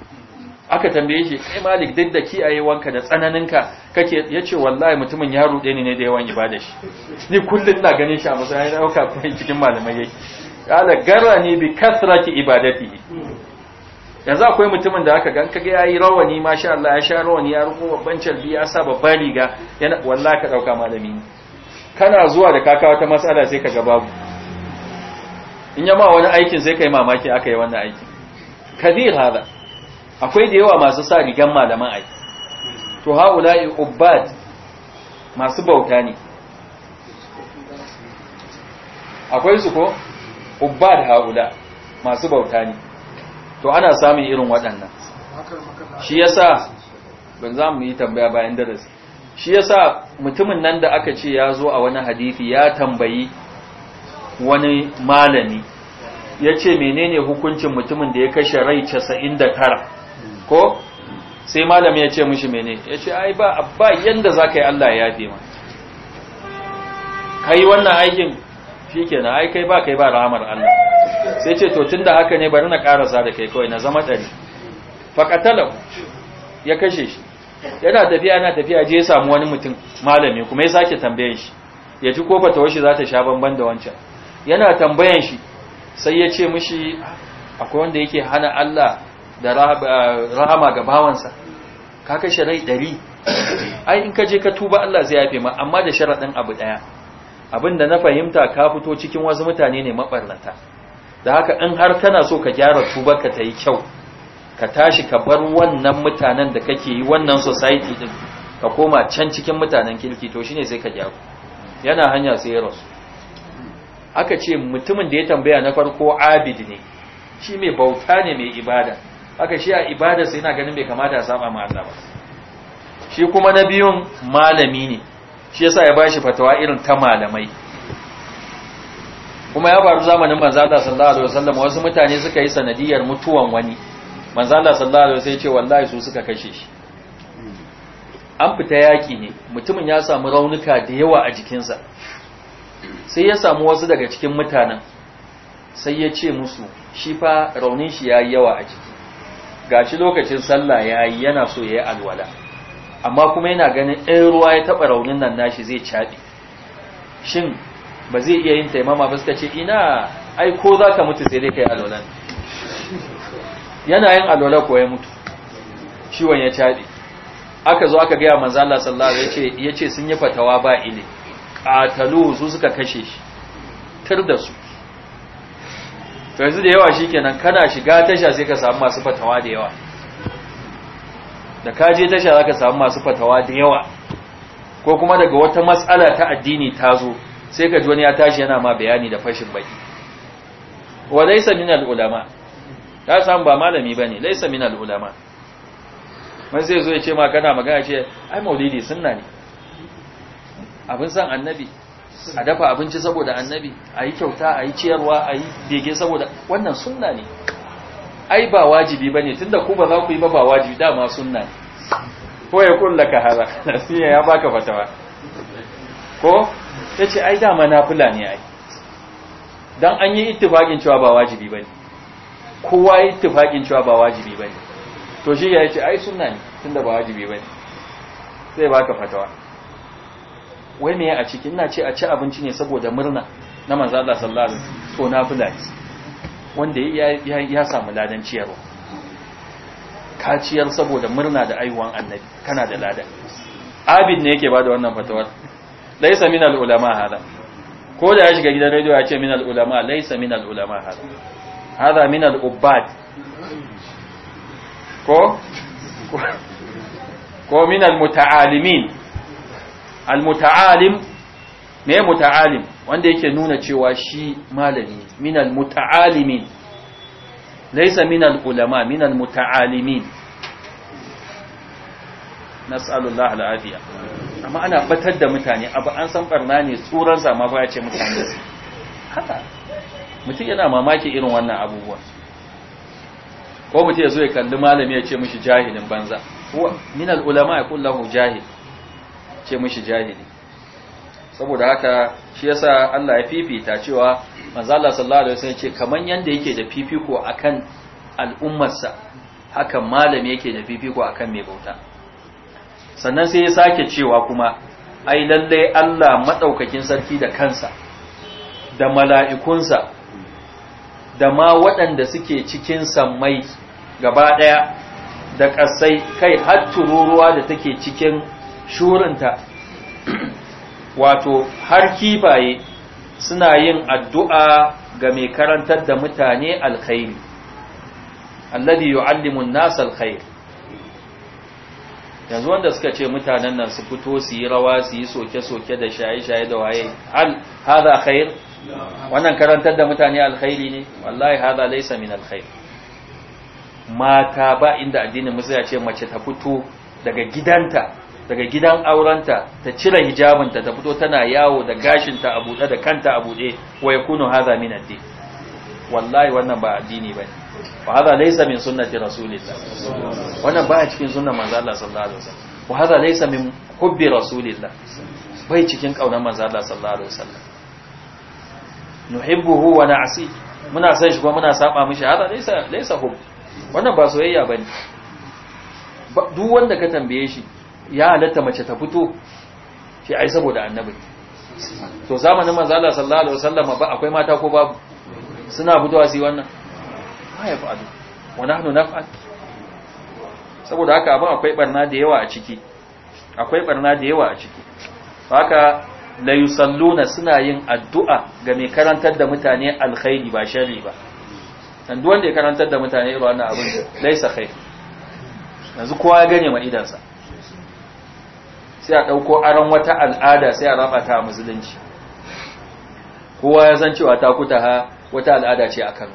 aka tambaye shi kai malik duk da kiyayewanka da tsananinka kake ya ce wallahi mutumin ya ruɗe ni ne da yawan ibada shi ni kullum na ganin shi a matsayin ɗauka kuma cikin malamai yake qala garani bi kasrati ibadatihi yanzu akwai mutumin da aka ganka ga yayi rawani masha Allah ya sha rawani ya ruko babban calbi ya sa babban riga yana wallahi ka dauka malami kana zuwa da kaka wata mas'ala sai kaga babu in ya ma wani aikin sai kai mamaki aka yi wannan aikin kadir hada akwai da yawa masu sa rigan malaman aiki to haula'i ubbad masu bauta ne akwai su ko ubba da haula masu bauta ne to ana samun irin waɗannan shi yasa ban za mu yi tambaya bayan darasi shi yasa mutumin nan da aka ce ya zo a wani hadisi ya tambayi wani malami ya ce menene hukuncin mutumin da ya kashe rai 99 ko sai malami ya ce mishi mene ya ce ai ba yanda za ka yi Allah ya yafe ma ka yi wannan aikin ke ai kai ba kai ba rahamar Allah sai ce to tunda haka ne bari na karasa da kai kawai na zama dari faqatalahu ya kashe shi yana tafiya yana tafiya je ya samu wani mutum malami kuma ya sake tambayen shi ya ji ko fatawar shi za ta sha bamban da wancan yana tambayan shi sai ya ce mishi akwai wanda yake hana Allah da eh, rahama ga bawansa ka kashe rai ɗari ai in ka je ka tuba Allah zai yafe ma amma da sharaɗin abu ɗaya Abin da na fahimta ka fito cikin wasu mutane ne mabarnata da haka in har kana so ka gyara ka ta yi kyau ka tashi ka bar wannan mutanen da kake yi wannan society din ka koma can cikin mutanen kirki to shine sai ka gyaru yana hanya sai ya rasu aka ce mutumin da ya tambaya na farko abid ne shi mai bauta ne mai ibada aka shi a ibada sai yana ganin bai kamata a saba ma Allah ba shi kuma na biyun malami ne shi yasa ya bashi fatawa irin ta malamai kuma ya faru zamanin manzo Allah sallallahu alaihi wasallam wasu mutane suka yi sanadiyar mutuwan wani manzo Allah sallallahu alaihi wasallam ya ce wallahi su suka kashe shi an fita yaki ne mutumin ya samu raunuka da yawa a jikinsa sai ya samu wasu daga cikin mutanen sai ya ce musu shi fa raunin shi yayi yawa a jiki gashi lokacin sallah yayi yana so yayi alwala amma kuma yana ganin in ruwa ya taɓa raunin nan nashi zai caɗi. shin ba zai iya yin taimama ba suka ce ina ai ko za ka mutu sai dai ka yi alolan yana yin ko ya mutu ciwon ya caɗi. aka zo aka gaya maza Allah sallallahu ya ce sun yi fatawa ba ile qatalu su suka kashe shi Tur da su to yanzu da yawa shi kenan kana shiga tasha sai ka samu masu fatawa da yawa da ka je tasha zaka samu masu fatawa da yawa ko kuma daga wata matsala ta addini ta zo sai ka ji wani ya tashi yana ma bayani da fashin baki wa laysa min al-ulama ta san ba malami bane laysa min al-ulama man sai zo ya ce ma kana magana ce ai maulidi sunna ne abin san annabi a dafa abinci saboda annabi a yi kyauta a yi ciyarwa a yi bege saboda wannan sunna ne ai ba wajibi bane tunda ku ba za ku yi ba ba wajibi dama sunna ne ko ya kulla ka haza nasiya ya baka fatawa ko yace ai dama nafila ne ai dan an yi ittifakin cewa ba wajibi bane kowa yi ittifakin cewa ba wajibi bane to shi ya yace ai sunna ne tunda ba wajibi bane sai baka fatawa wai me a cikin ina ce a ci abinci ne saboda murna na manzo Allah sallallahu alaihi wasallam to nafila ne wanda ya samu ladan ciyarwa ka ciyar saboda murna da aiwan annabi kana da ladan abid ne yake bada wannan fatawar laisa minal ulama hada ko da ya shiga gidan radio ya ce minal ulama laisa minal ulama hada hada minal ubbad ko ko muta'alimin al muta'alim me mutaalim wanda yake nuna cewa shi malami minal muta'alimin laysa minal ulama minal muta'alimin nas'alullah al'afiya amma ana batar da mutane abu an san barna ne tsuran sa ma ba ya ce mutane haka mutum yana mamaki irin wannan abubuwan ko mutum ya zo ya kalli malami ya ce mishi jahilin banza minal ulama ya kullahu jahil ce mishi jahili saboda haka shi yasa Allah ya fifita cewa manzo Allah sallallahu alaihi wasallam yace kaman yanda yake da fifiko akan al'ummarsa haka malami yake da fifiko akan mai bauta sannan sai ya sake cewa kuma ai lalle Allah madaukakin sarki da kansa da mala'ikunsa da ma waɗanda suke cikin sammai gaba ɗaya da ƙasai kai har tururuwa da take cikin shurinta wato har kifaye suna yin addu'a ga mai karantar da mutane alkhairi alladhi yu'allimu an-nas alkhair yanzu wanda suka ce mutanen nan su fito su yi rawa su yi soke-soke da shaye-shaye da waye Al hada khair wannan karantar da mutane alkhairi ne wallahi hada laysa min alkhair mata ba inda addinin musulunci ya ce mace ta fito daga gidanta daga gidan aurenta ta cire hijabinta ta fito tana yawo da gashinta a buɗe da kanta a buɗe wa ya kunu haza min addini wallahi wannan ba addini bane wa haza laysa min sunnati rasulillah wannan ba cikin sunnar manzo Allah sallallahu alaihi wasallam wa haza laysa min hubbi rasulillah bai cikin kaunar manzo Allah sallallahu alaihi wasallam nuhibbuhu wa na'si muna san shi kuma muna saba mishi haza laysa laysa hubb wannan ba soyayya bane duk wanda ka tambaye shi ya halatta mace ta fito shi ai saboda annabi to zamanin manzo Allah sallallahu alaihi wasallam ba akwai mata ko babu suna fitowa su yi wannan ha ya fa'alu wa nahnu naf'al saboda haka abin akwai barna da yawa a ciki akwai barna da yawa a ciki haka la yusalluna suna yin addu'a ga mai karantar da mutane alkhairi ba sharri ba dan duk wanda ya karantar da mutane irin wannan abin laisa khair yanzu kowa ya gane ma idansa sai a ɗauko aron wata al'ada sai a raba ta a musulunci kowa ya zan cewa ta kuta ha wata al'ada ce a kan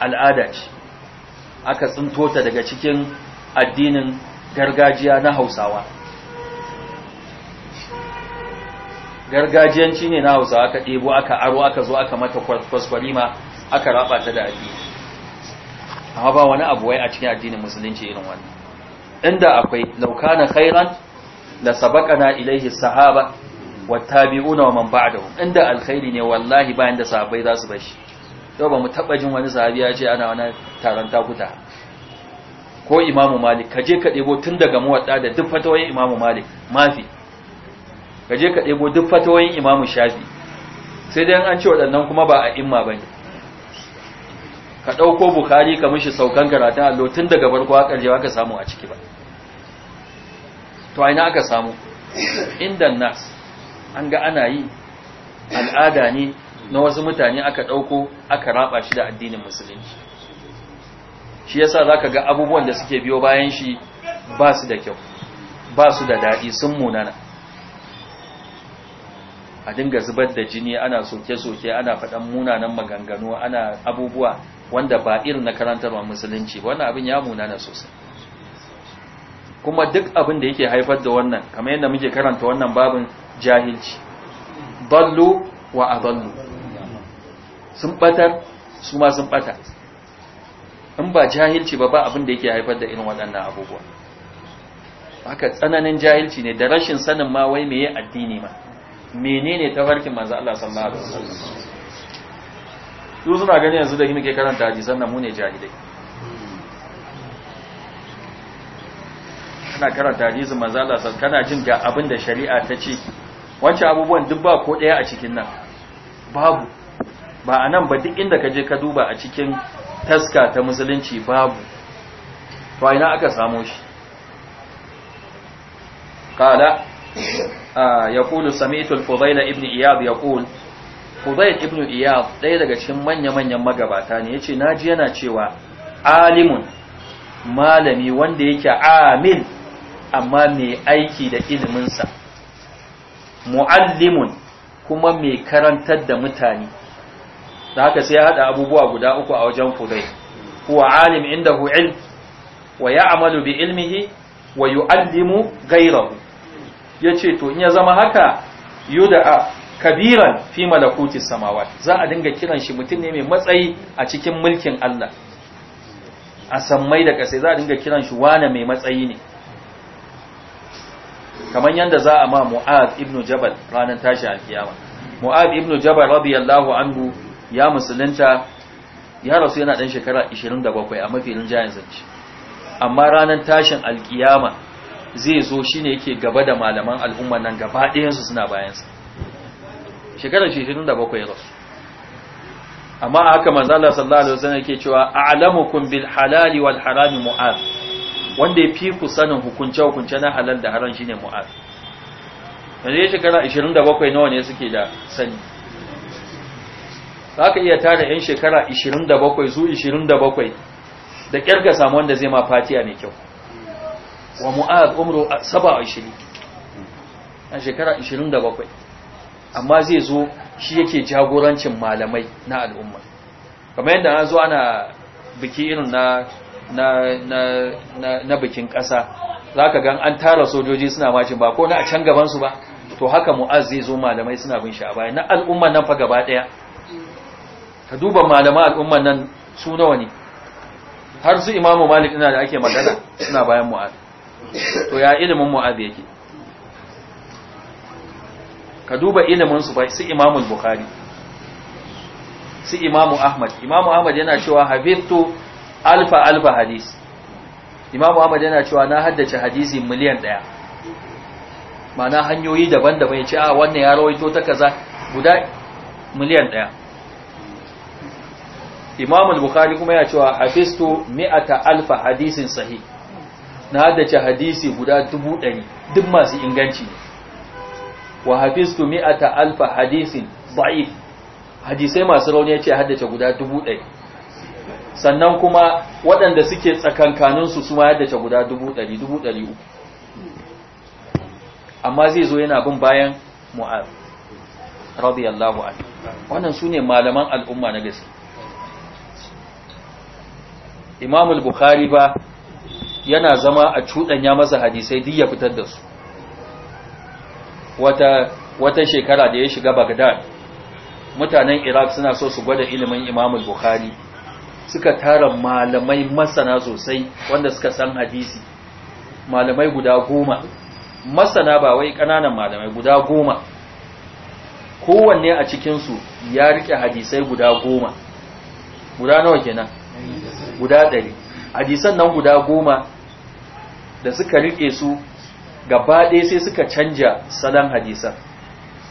al'ada ce aka tsinto ta daga cikin addinin gargajiya na hausawa gargajiyanci ne na hausawa aka ɗebo aka aro aka zo aka mata kwaskwarima aka raba ta da addini amma ba wani abu wai a cikin addinin musulunci irin wannan inda akwai laukana khairan da sabakana ilaihi sahaba wattabi'una wa man ba'dahu inda alkhairi ne wallahi bayan da sahabbai za su bashi to ba mu taba jin wani sahabi ya ce ana wani taron takuta ko imamu malik ka je ka debo tun daga muwadda da duk fatawoyin imamu malik mafi ka je ka debo duk fatawoyin imamu shafi sai dai an ce wadannan kuma ba a imma bane ka ɗauko Bukhari ka mishi saukan karatun allo tun daga farko a ƙarshe ka samu a ciki ba to aina aka samu inda nas an ga ana yi al'ada ne na wasu mutane aka ɗauko aka raba shi da addinin musulunci shi yasa za ka ga abubuwan da suke biyo bayan shi ba su da kyau ba su da daɗi sun munana a dinga zubar da jini ana soke-soke ana faɗan munanan maganganu ana abubuwa wanda ba irin na karantarwa musulunci wannan abin ya munana sosai kuma duk abin da yake haifar da wannan kamar yadda muke karanta wannan babin jahilci ballo wa aballo sun batar su ma sun bata in ba jahilci ba ba abin da yake haifar da irin waɗannan abubuwa haka tsananin jahilci ne da rashin sanin ma wai meye addini ma menene tafarkin manzo Allah sallallahu alaihi wasallam su suna gani yanzu da muke karanta hadisan nan mu ne jahilai kana karanta hadisin manzo Allah sallallahu kana jin ga abinda shari'a ta ce wacce abubuwan duk ba ko daya a cikin nan babu ba anan ba duk inda ka je ka duba a cikin taska ta musulunci babu to ina aka samu shi Kala yaqulu sami'tu al-fudayl ibn iyad yaqul fudayl ibn iyad ɗaya daga cikin manya-manyan magabata ne yace naji yana cewa alimun malami wanda yake Amin. amma mai aiki da iliminsa mu'allimun kuma mai karantar da mutane da haka sai ya haɗa abubuwa guda uku a wajen fudai huwa alim indahu ilm wa ya'malu bi ilmihi wa yu'allimu ghayrahu yace to in ya zama haka a kabiran fi malakuti samawat za a dinga kiran shi mutum ne mai matsayi a cikin mulkin Allah a sammai da kasai za a dinga kiran shi wane mai matsayi ne kamar yadda za a ma mu'ad ibn jabal ranar tashi alkiyama mu'ad ibn jabal radiyallahu anhu ya musulunta ya rasu yana dan shekara 27 a mafi jayin zanci amma ranar tashin alkiyama zai zo shine yake gaba da malaman al'umman nan gaba ɗayansu suna bayansa shekarar 27 ya rasu amma haka manzo Allah sallallahu alaihi wasallam yake cewa a'lamukum bil halali wal harami mu'ad wanda ya fi ku sanin hukunce-hukunce na halal da haram shine mu'az yanzu ya shekara 27 nawa ne suke da sani za ka iya tara 'yan shekara 27 zu 27 da ga samu wanda zai ma fatiya mai kyau wa mu'az umru 27 a shekara 27 amma zai zo shi yake jagorancin malamai na al'umma kamar yadda an zo ana biki irin na na na na, na bikin ƙasa zaka gan an tara sojoji suna macin ba ko na a can gaban su ba to haka mu'azzi zo malamai suna bin shi a baya na al'umman nan fa gaba daya ka duba malaman al'umman nan su nawa ne har su imamu malik ina da ake magana suna bayan mu'az to ya ilimin mu'az yake ka duba ilimin su ba su imamu bukhari su imamu ahmad imamu ahmad yana cewa habibtu alfa alfa hadis, imamu ahmad yana cewa na haddace hadisi miliyan ɗaya mana hanyoyi daban-daban ya ce a ah, wannan ya rawaito ta kaza guda miliyan ɗaya imamu bukhari kuma ya cewa ah, hafistu mi'ata alfa hadisin sahi na haddace hadisi guda dubu ɗari duk masu inganci ne wa hafistu mi'ata alfa hadisin ba'if hadisai masu rauni ya ce haddace guda dubu ɗari sannan kuma waɗanda suke tsakankaninsu su ma yadda ta guda dubu ɗari dubu ɗari uku amma zai zo yana bin bayan mu'ad radiyallahu anhu wannan su ne malaman al'umma na gaske imamul bukhari ba yana zama a cuɗanya masa hadisai duk ya fitar da su wata wata shekara da ya shiga bagdad mutanen iraq suna so su gwada ilimin imamul bukhari suka tara malamai masana sosai wanda suka san hadisi malamai guda goma masana ba wai ƙananan malamai guda goma kowanne a cikinsu ya rike hadisai guda goma guda nawa kenan guda ɗari hadisan nan guda goma da suka rike su gaba ɗaya sai suka canja salon hadisan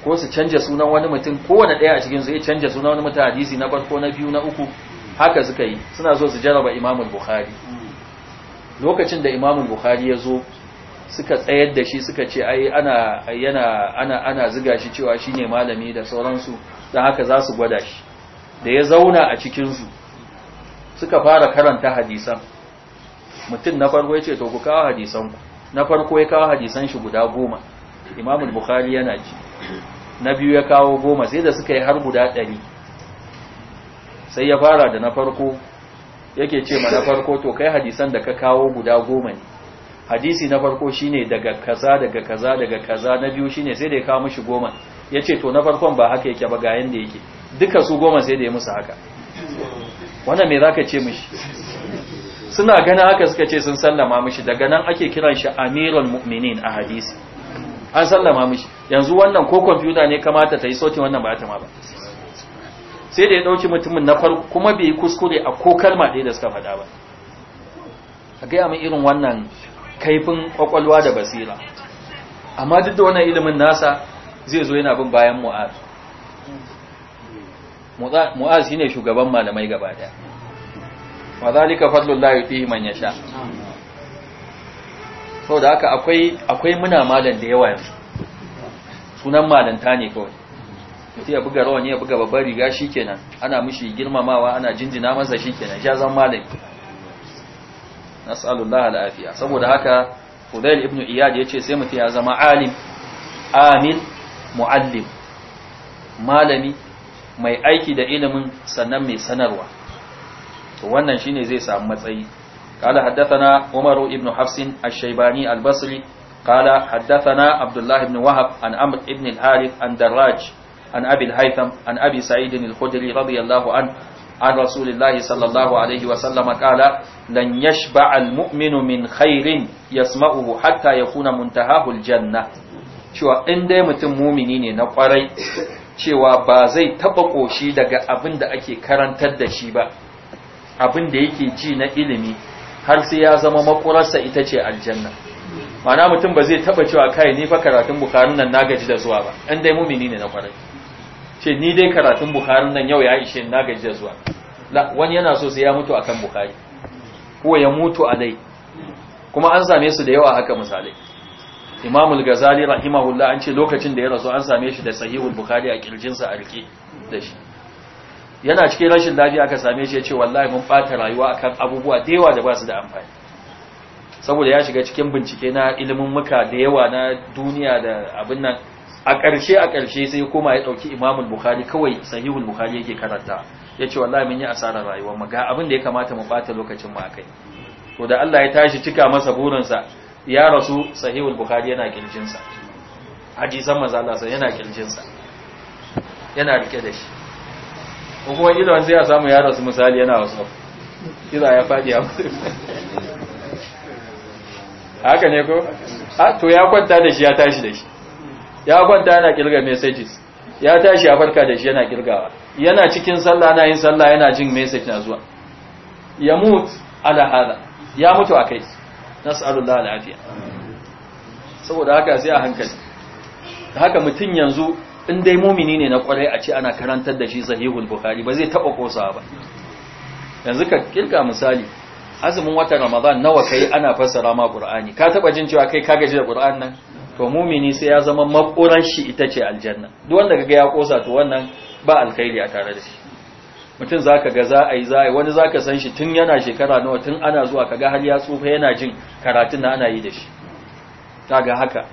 ko su canja sunan wani mutum kowane ɗaya a cikinsu ya canja sunan wani mutum hadisi na farko na biyu na uku haka suka yi suna so su jaraba imamul bukhari lokacin da imamul bukhari ya zo suka tsayar da shi suka ce ai ana yana ana ana ziga shi cewa shine malami da sauransu dan haka za su gwada shi da ya zauna a cikin su suka fara karanta hadisan mutum na farko ya ce to ku kawo hadisan na farko ya kawo hadisan shi guda goma imamul bukhari yana ci na biyu ya kawo goma sai da suka yi har guda ɗari sai ya fara da na farko yake ce ma na farko to kai hadisan da ka kawo guda goma ne hadisi na farko shine daga kaza daga kaza daga kaza na biyu shine sai da ya kawo mishi goma yace to na farkon ba haka yake ba ga yanda yake duka su goma sai da ya musu haka wannan me zaka ce mishi suna ganin haka suka ce sun sallama mishi daga nan ake kiran shi amirul mu'minin a hadisi an sallama mishi yanzu wannan ko kwamfuta ne kamata ta yi sautin wannan ba ta ma ba sai da ya ɗauki mutumin na farko kuma bai yi kuskure a ko kalma ɗaya da suka faɗa ba a gaya min irin wannan kaifin kwakwalwa da basira amma duk da wannan ilimin nasa zai zo yana bin bayan mu'az mu'az shine shugaban malamai gaba ɗaya wa zalika fadlullahi fihi man yasha saboda haka akwai akwai muna malam da yawa sunan malanta ne kawai sai ya buga rawani ya buga babban riga kenan ana mishi girmamawa ana jinjina masa shikenan ya zama malami nas'alullah al'afiya saboda haka Fudail ibn Iyad ce sai mutum ya zama alim amil muallim malami mai aiki da ilimin sannan mai sanarwa to wannan shine zai samu matsayi قال حدثنا عمر بن حفص al basri قال حدثنا عبد الله بن وهب عن عمرو بن الحارث عن دراج an abil haitham an abi sa'idin al radiyallahu an an rasulillahi sallallahu alaihi wa sallam qala lan yashba al-mu'minu min khairin yasma'uhu hatta yakuna muntahahu al-janna cewa in dai mutum mumini ne na kwarai cewa ba zai taba ƙoshi daga abin da ake karantar da shi ba abin da yake ji na ilimi har sai ya zama makurarsa ita ce aljanna mana mutum ba zai taɓa cewa ka ni fa karatun bukarun nan na gaji da zuwa ba in dai mumini ne na kwarai ce ni dai karatun Bukhari nan yau ya ishe na gaji da zuwa wani yana so sai ya mutu akan buhari ko ya mutu alai kuma an same su da yawa haka misalai imamul gazali rahimahullah an ce lokacin da ya rasu an same shi da sahihul bukhari a kirjinsa a rike da shi yana cikin rashin lafiya aka same shi ya ce wallahi mun bata rayuwa akan abubuwa da yawa da ba su da amfani saboda ya shiga cikin bincike na ilimin muka da yawa na duniya da abin nan a ƙarshe a ƙarshe sai kuma ya ɗauki imamul bukhari kawai sahihul bukhari yake karanta ya ce wallahi mun yi asarar rayuwar mu ga abin da ya kamata mu ɓata lokacin mu akai to da Allah ya tashi cika masa burinsa ya rasu sahihul bukhari yana ƙirjinsa, hadisan manzo Allah yana ƙirjinsa, yana rike da shi ko kuma idan sai ya samu ya rasu misali yana wasu kira ya fadi a haka ne ko a ah, to ya kwanta da shi ya tashi da shi ya kwanta yana kirga messages ya tashi ya farka da shi yana kirgawa yana cikin sallah na yin sallah yana jin message na zuwa ya mutu ala hada ya mutu a kai nas'alullah al'afiya saboda haka sai a hankali haka mutum yanzu in dai mumini ne na kwarai a ce ana karantar da shi sahihul bukhari ba zai taba kosa ba yanzu ka kirga misali azumin watan ramadan nawa kai ana fassara ma qur'ani ka taba jin cewa kai ka gaji da qur'an nan to mumini sai ya zama maƙoran shi ita ce aljanna duk wanda kaga ya kosa to wannan ba alkhairi a tare da shi mutum zaka ga za a yi za a yi wani zaka san shi tun yana shekara nawa tun ana zuwa kaga har ya tsufa yana jin karatun na ana yi da shi kaga haka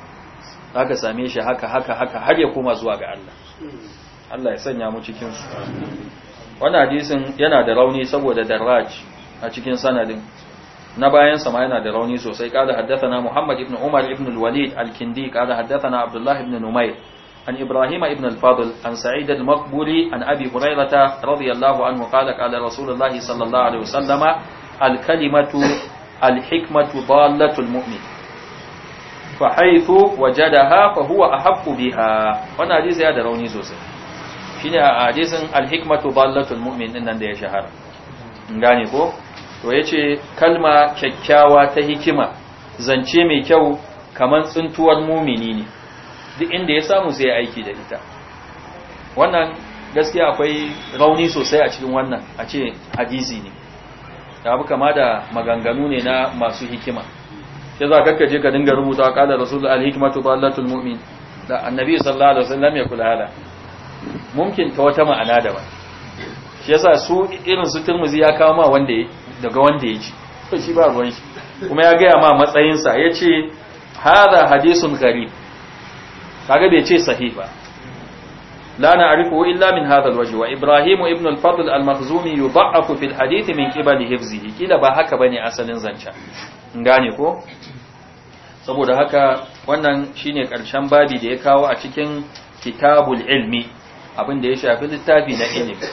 zaka same shi haka haka haka har ya koma zuwa ga Allah Allah ya sanya mu cikin su wannan hadisin yana da rauni saboda darraj a cikin sanadin na bayan sama yana da rauni sosai kada haddathana Muhammad ibn Umar ibn al-Walid al-Kindi kada haddathana Abdullah ibn Numayr an Ibrahim ibn al-Fadl an Sa'id al-Maqbuli an Abi Hurairah radiyallahu anhu qala qala Rasulullah sallallahu alaihi wasallama al-kalimatu al-hikmatu dallatu al-mu'min فحيث وجدها فهو أحق بها وانا حديث هذا روني سوسي شيني حديث الحكمة ضالة المؤمن إن ده شهر ngane ko to ya ce kalma kyakkyawa ta hikima zance mai kyau kamar tsintuwar mumini ne duk inda ya samu sai aiki da ita wannan gaskiya akwai rauni sosai a cikin wannan a ce hadisi ne da abu kama da maganganu ne na masu hikima ke za ka je ka dinga rubuta kada rasul al-hikmatu dallatul mu'min da annabi sallallahu alaihi wasallam ya kula da mumkin ta wata ma'ana daban shi yasa su irin su turmuzi ya kawo ma wanda yake daga wanda ya ji shi ba ruwan shi kuma ya gaya ma matsayinsa ya ce haza hadisun gari kaga bai ce sahih ba la wa illa min hadal waje wa Ibrahimu ibn al-fadl al ba a kufin hadithi min kibali hifzihi kila ba haka ba ne asalin zancen gane ko saboda haka wannan shine ƙarshen babi da ya kawo a cikin kitabul ilmi abin da ya shafi littafi na ilimi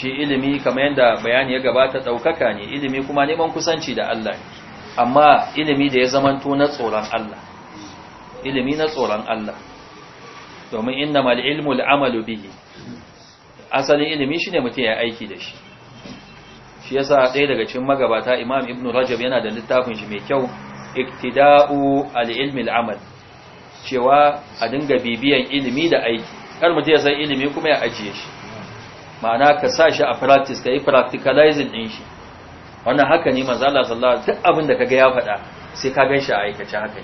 shi ilimi kamar yadda bayani ya gabata ɗaukaka ne ilimi kuma neman kusanci da Allah amma ilimi da ya zamanto na tsoron Allah ilimi na tsoron Allah domin inna mal ilmu al'amalu bihi asalin ilimi shine mutum ya aiki da shi shi yasa ɗaya daga cikin magabata Imam Ibn Rajab yana da littafin shi mai kyau iktida'u al'ilmi ilmi cewa a dinga bibiyan ilimi da aiki kar mutum ya san ilimi kuma ya ajiye shi ma'ana ka sa shi a practice ka yi practicalizing din shi wannan haka ne manzo Allah sallallahu alaihi wasallam duk abin da kaga ya faɗa sai ka ganshi a aikace haka ne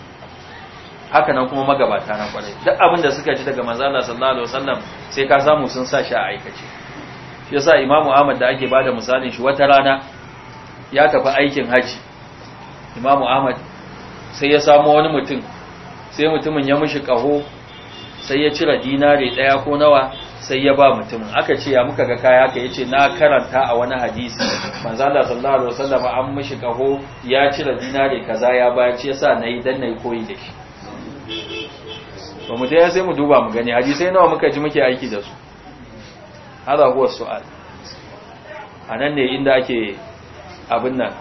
haka nan kuma magabata na kwarai duk abin da suka ji daga manzo Allah sallallahu alaihi wasallam sai ka samu sun sa shi a aikace shi yasa Imam Ahmad da ake bada misalin shi wata rana ya tafi aikin haji Imam Ahmad sai ya samu wani mutum sai mutumin ya mishi kaho sai ya cire dinare daya ko nawa sai ya ba mutumin aka ce ya muka ga kaya yi ce na karanta a wani hadisi manzo Allah sallallahu alaihi wasallam an mishi kaho ya cire dinare kaza ya ba ce yasa nayi dan nayi koyi da shi ba mu dai sai mu duba mu gani hadisai nawa muka ji muke aiki da su hada huwa su'al anan ne inda ake abin nan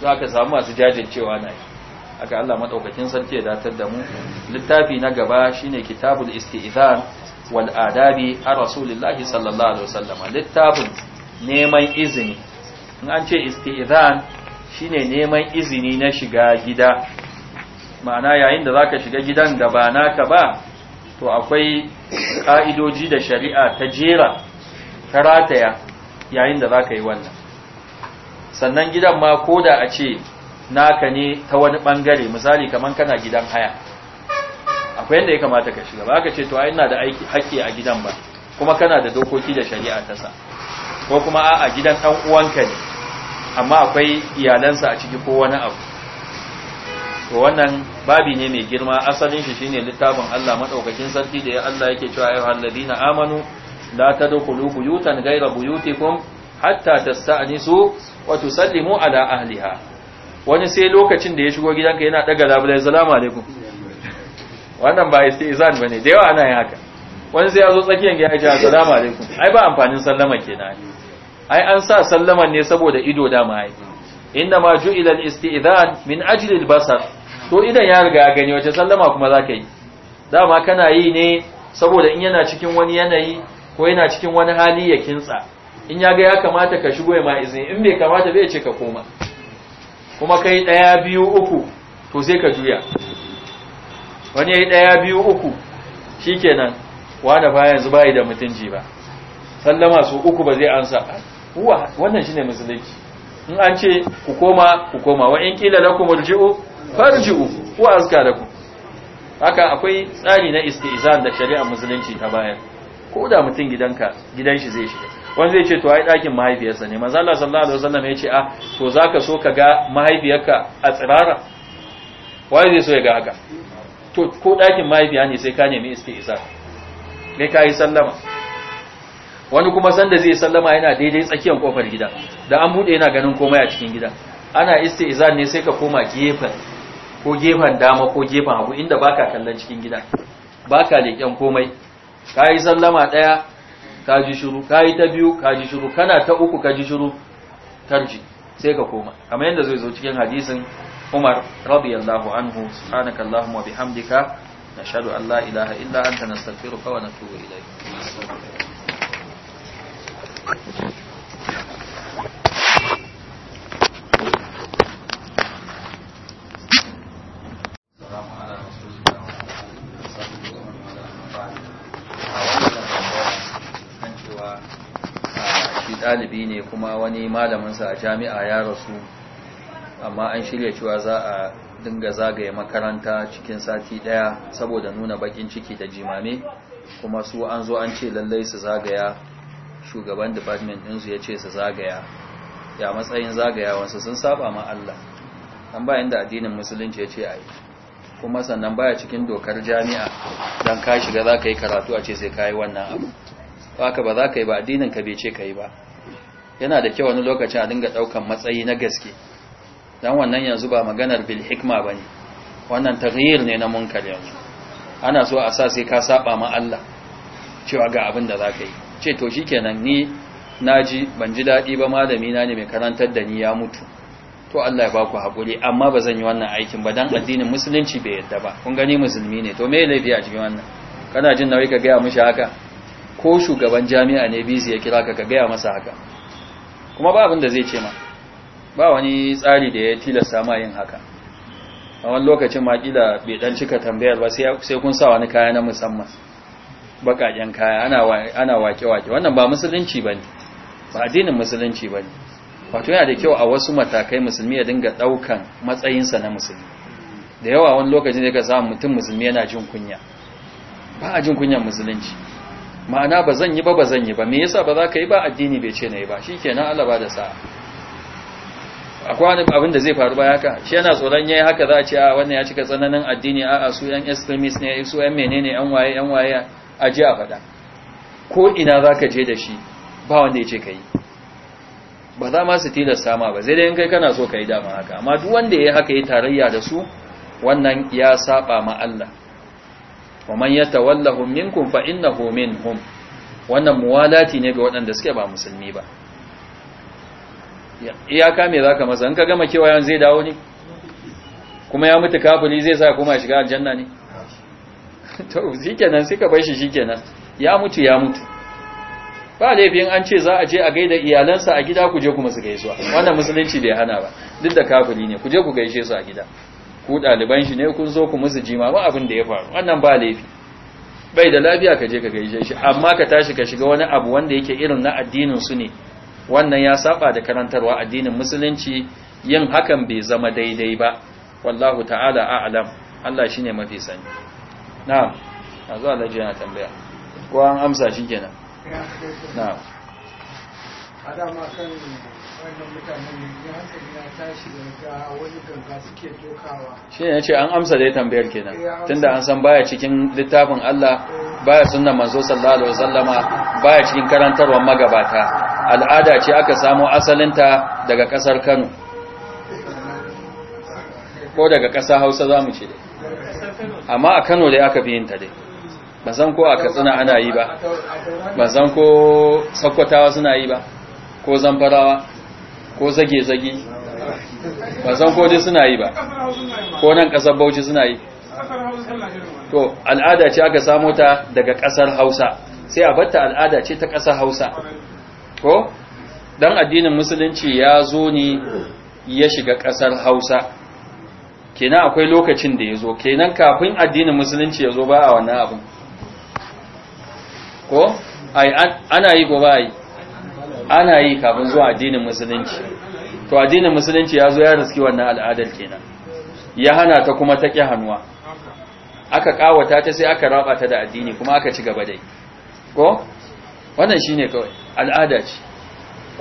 za ka samu masu jajircewa na yi aka Allah madaukakin sarki ya datar da mu littafi na gaba shine kitabul istizan Wal'adabi a rasulullahi sallallahu alaihi wasallam littafin neman izini in an ce shi shine neman izini na shiga gida ma'ana yayin da zaka shiga gidan da ba naka ba to akwai ƙa'idoji da shari'a ta jera ta rataya yayin da zaka yi wannan sannan gidan ma ko da a ce naka ne ta wani bangare misali kaman kana gidan haya akwai yadda ya kamata ka shiga ba ka ce to ina da aiki haƙƙi a gidan ba kuma kana da dokoki da shari'a ta sa ko kuma a gidan ɗan uwanka ne amma akwai iyalansa a ciki ko wani abu to wannan babi ne mai girma asalin shi shine littafin Allah madaukakin sarki da ya Allah yake cewa ayu halladina amanu la tadkhulu buyutan ghayra buyutikum hatta tasta'nisu wa tusallimu ala ahliha wani sai lokacin da ya shigo gidanka yana daga labulai salamu alaikum wannan ba istizan bane da yawa ana yin haka wani sai ya zo tsakiyar ya ce assalamu alaikum ai ba amfanin sallama kenan ai an sa sallaman ne saboda ido da ma ai ma ju'ila al-istizan min ajli al-basar to idan ya riga gani wace sallama kuma zaka yi dama kana yi ne saboda in yana cikin wani yanayi ko yana cikin wani hali ya kintsa in ya ga ya kamata ka shigo ya ma izini in bai kamata bai ce ka koma kuma kai daya biyu uku to sai ka juya wani ya yi ɗaya biyu uku shi shikenan wanda ba yanzu yi da mutunci ba sallama su uku ba zai ansa uwa wannan shi ne musulunci in an ce ku koma ku koma wa in kila lakum urji'u farji'u huwa azka ku. haka akwai tsari na istizan da shari'a musulunci ta bayan, ko da mutum gidanka gidan shi zai shiga wani zai ce to ai ɗakin mahaifiyarsa ne manzo Allah sallallahu alaihi wasallam ya ce a ah, to zaka so ka ga mahaifiyarka a tsirara wai zai so ya ga haka to ko ɗakin mahaifiya ne sai ka nemi iske isa ka yi sallama wani kuma sanda zai sallama yana daidai tsakiyar kofar gida da an buɗe yana ganin komai a cikin gida ana iske isa ne sai ka koma gefen ko gefen dama ko gefen hagu inda baka kallon cikin gida baka leƙen komai ka yi sallama ɗaya ka ji shiru ka yi ta biyu ka ji shiru kana ta uku ka ji shiru tarji sai ka koma kamar yadda zai zo cikin hadisin umar radiyallahu anhu subhanakallahumma wa bihamdika nashhadu an la ilaha illa anta nastaghfiruka wa natubu ilayk ɗalibi ne kuma wani malaminsa a jami'a ya rasu amma an shirya cewa za a dinga zagaye makaranta cikin sati daya saboda nuna bakin ciki da jimame kuma su an zo an ce lallai su zagaya shugaban department ɗinsu ya ce su zagaya ya matsayin zagayawansu sun saba ma Allah an ba da addinin musulunci yace ce kuma sannan baya cikin dokar jami'a don ka shiga za ka yi karatu a ce sai ka yi wannan abu haka ba za ka yi ba addinin ka bai ce ka yi ba yana da kyau wani lokaci a dinga ɗaukan matsayi na gaske dan wannan yanzu ba maganar bil hikma bane wannan taghyir ne na munkar yanzu ana so a sa sai ka saba ma Allah cewa ga abin da zaka yi ce to shikenan ni na ji ban ji daɗi ba malami na ne mai karantar da ni ya mutu to Allah ya ku hakuri amma ba zan yi wannan aikin ba dan addinin musulunci bai yadda ba kun gani musulmi ne to me laifi a cikin wannan kana jin nauyi ka gaya mishi haka ko shugaban jami'a ne bizi ya kira ka ka gaya masa haka kuma ba abin da zai ce ma ba wani tsari da ya tilasta ma yin haka a wani lokacin makila bai dan cika tambayar ba sai kun sa wani kaya na musamman bakaken kaya ana wake-wake wannan ba musulunci ba ne ba addinin musulunci ba ne wato yana da kyau a wasu matakai musulmi ya dinga ɗaukan matsayinsa na musulmi da yawa wani lokacin da ka samu mutum musulmi yana jin kunya ba a jin kunyan musulunci ma'ana ba zan yi ba ba zan yi ba me yasa ba za ka yi ba addini bai ce na yi ba shi kenan Allah ba da sa'a akwai wani abin da zai faru baya haka shi yana tsoron yayi haka za a ce a wannan ya cika tsananin addini a su yan extremist ne su yan menene yan waye yan waye a ji a faɗa ko ina za ka je da shi ba wanda ya ce ka yi ba za ma su tilasta ma ba zai dai in kai kana so ka yi dama haka amma duk wanda ya yi haka ya tarayya da su wannan ya saba ma Allah wa man yatawallahum minkum fa innahu minhum wannan muwalati ne ga waɗanda suke ba musulmi ba iyaka me zaka masa in ka gama kewayen zai dawo ne kuma ya mutu kafuli zai sa kuma shiga aljanna ne to shikenan sai ka bar shi shikenan ya mutu ya mutu ba laifin an ce za a je a gaida iyalansa a gida ku je kuma su gaisuwa wannan musulunci bai hana ba duk da kafuli ne ku je ku gaishe su a gida ku daliban shi ne kun zo ku musu jima ba abin da ya faru wannan ba laifi bai da lafiya ka je ka gaishe shi amma ka tashi ka shiga wani abu wanda yake irin na addinin su ne wannan ya saba da karantarwa addinin musulunci yin hakan bai zama daidai ba wallahu ta'ala a'lam Allah shine mafi sani na'am a Allah yana tambaya ko an amsa shi kenan na'am a dama kan wannan mutanen ya hankali na tashi daga wani ganga suke dokawa shi ne ce an amsa dai tambayar kenan eh, tunda an san baya cikin littafin Allah eh. baya sunnan manzo sallallahu alaihi wasallama baya cikin karantarwar magabata al'ada ce aka samo asalinta daga kasar Kano ko daga ƙasa Hausa zamu ce dai amma a Kano dai aka fi yin ta dai Ba san ko a Katsina ana yi ba Ba san ko Sokotawa suna yi ba ko zambarawa ko zage-zage ba san koji suna yi ba ko nan ƙasar bauchi suna yi to al'ada ce aka samo ta daga ƙasar hausa sai a batta al'ada ce ta kasar hausa ko dan addinin musulunci ya zo ne ya shiga kasar hausa kenan akwai lokacin da ya zo kenan kafin addinin musulunci ya zo ba a wannan abin ko ana yi ko ba a ana yi kafin zuwa addinin musulunci to addinin musulunci ya zo ya riski wannan al'adar kenan ya hana ta kuma ta ƙi hannuwa aka ƙawata ta sai aka raba ta da addini kuma aka ci gaba dai ko wannan shine kawai al'ada ce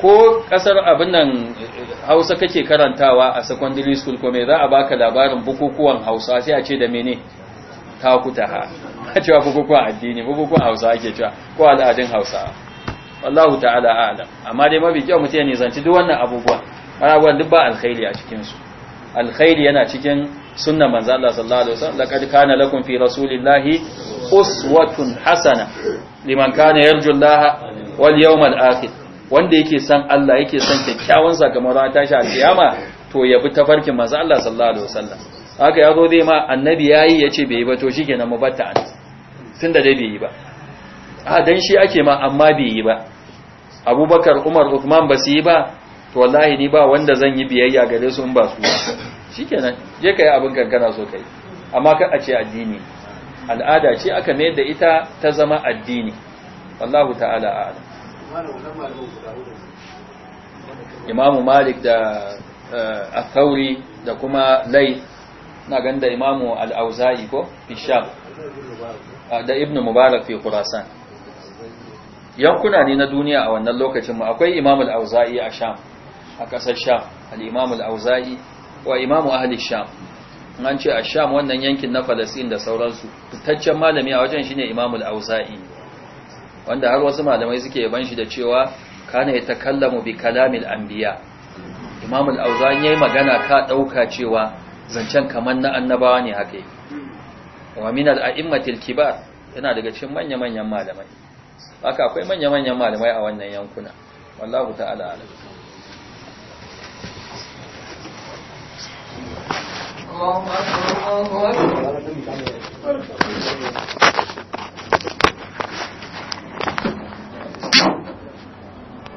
ko ƙasar abin nan eh, hausa kake karantawa a secondary school ko me za a baka labarin bukukuwan hausa sai a ce da mene a cewa bukukuwan addini bukukuwan hausa ake cewa ko al'adun hausa wallahu ta'ala a'lam amma dai mafi kyau mutum ya nizanci duk wannan abubuwa abubuwan duk ba alkhairi a cikin su alkhairi yana cikin sunnan manzo Allah sallallahu alaihi wasallam laqad kana lakum fi rasulillahi uswatun hasana liman kana yarju Allah wal yawmal akhir wanda yake san Allah yake san kyakkyawan sakamakon tashi a kiyama to ya bi tafarkin manzo Allah sallallahu alaihi wasallam haka yazo dai ma annabi yayi yace bai ba to shikenan mu batta tunda dai bai yi ba a dan shi ake ma amma bai yi ba abubakar umar uthman ba su yi ba to wallahi ni ba wanda zan yi biyayya gare su in ba su shikenan je ka yi abin kankana so kai amma ka a ce addini al'ada ce aka mayar da ita ta zama addini wallahu ta'ala a'ala imamu malik da eh, athauri da kuma lai na ganda imamu al'auza'i ko fi ah, da ibnu mubarak fi khurasan yankuna ne na duniya a wannan lokacin mu akwai imamul auza'i a sham a ƙasar sham al-imamul auza'i wa imamu ahli sham an ce a sham wannan yankin na falasin da sauransu fitaccen malami a wajen shine imamul auza'i wanda har wasu malamai suke yaban shi da cewa kana ya takallamu bi kalamil anbiya imamul auza'i yayi magana ka dauka cewa zancen kamar na annabawa ne haka wa min al-a'immatil kibar yana daga cikin manya-manyan malamai haka akwai manya-manyan malamai a wannan yankuna wallahu ta'ala ala Allahu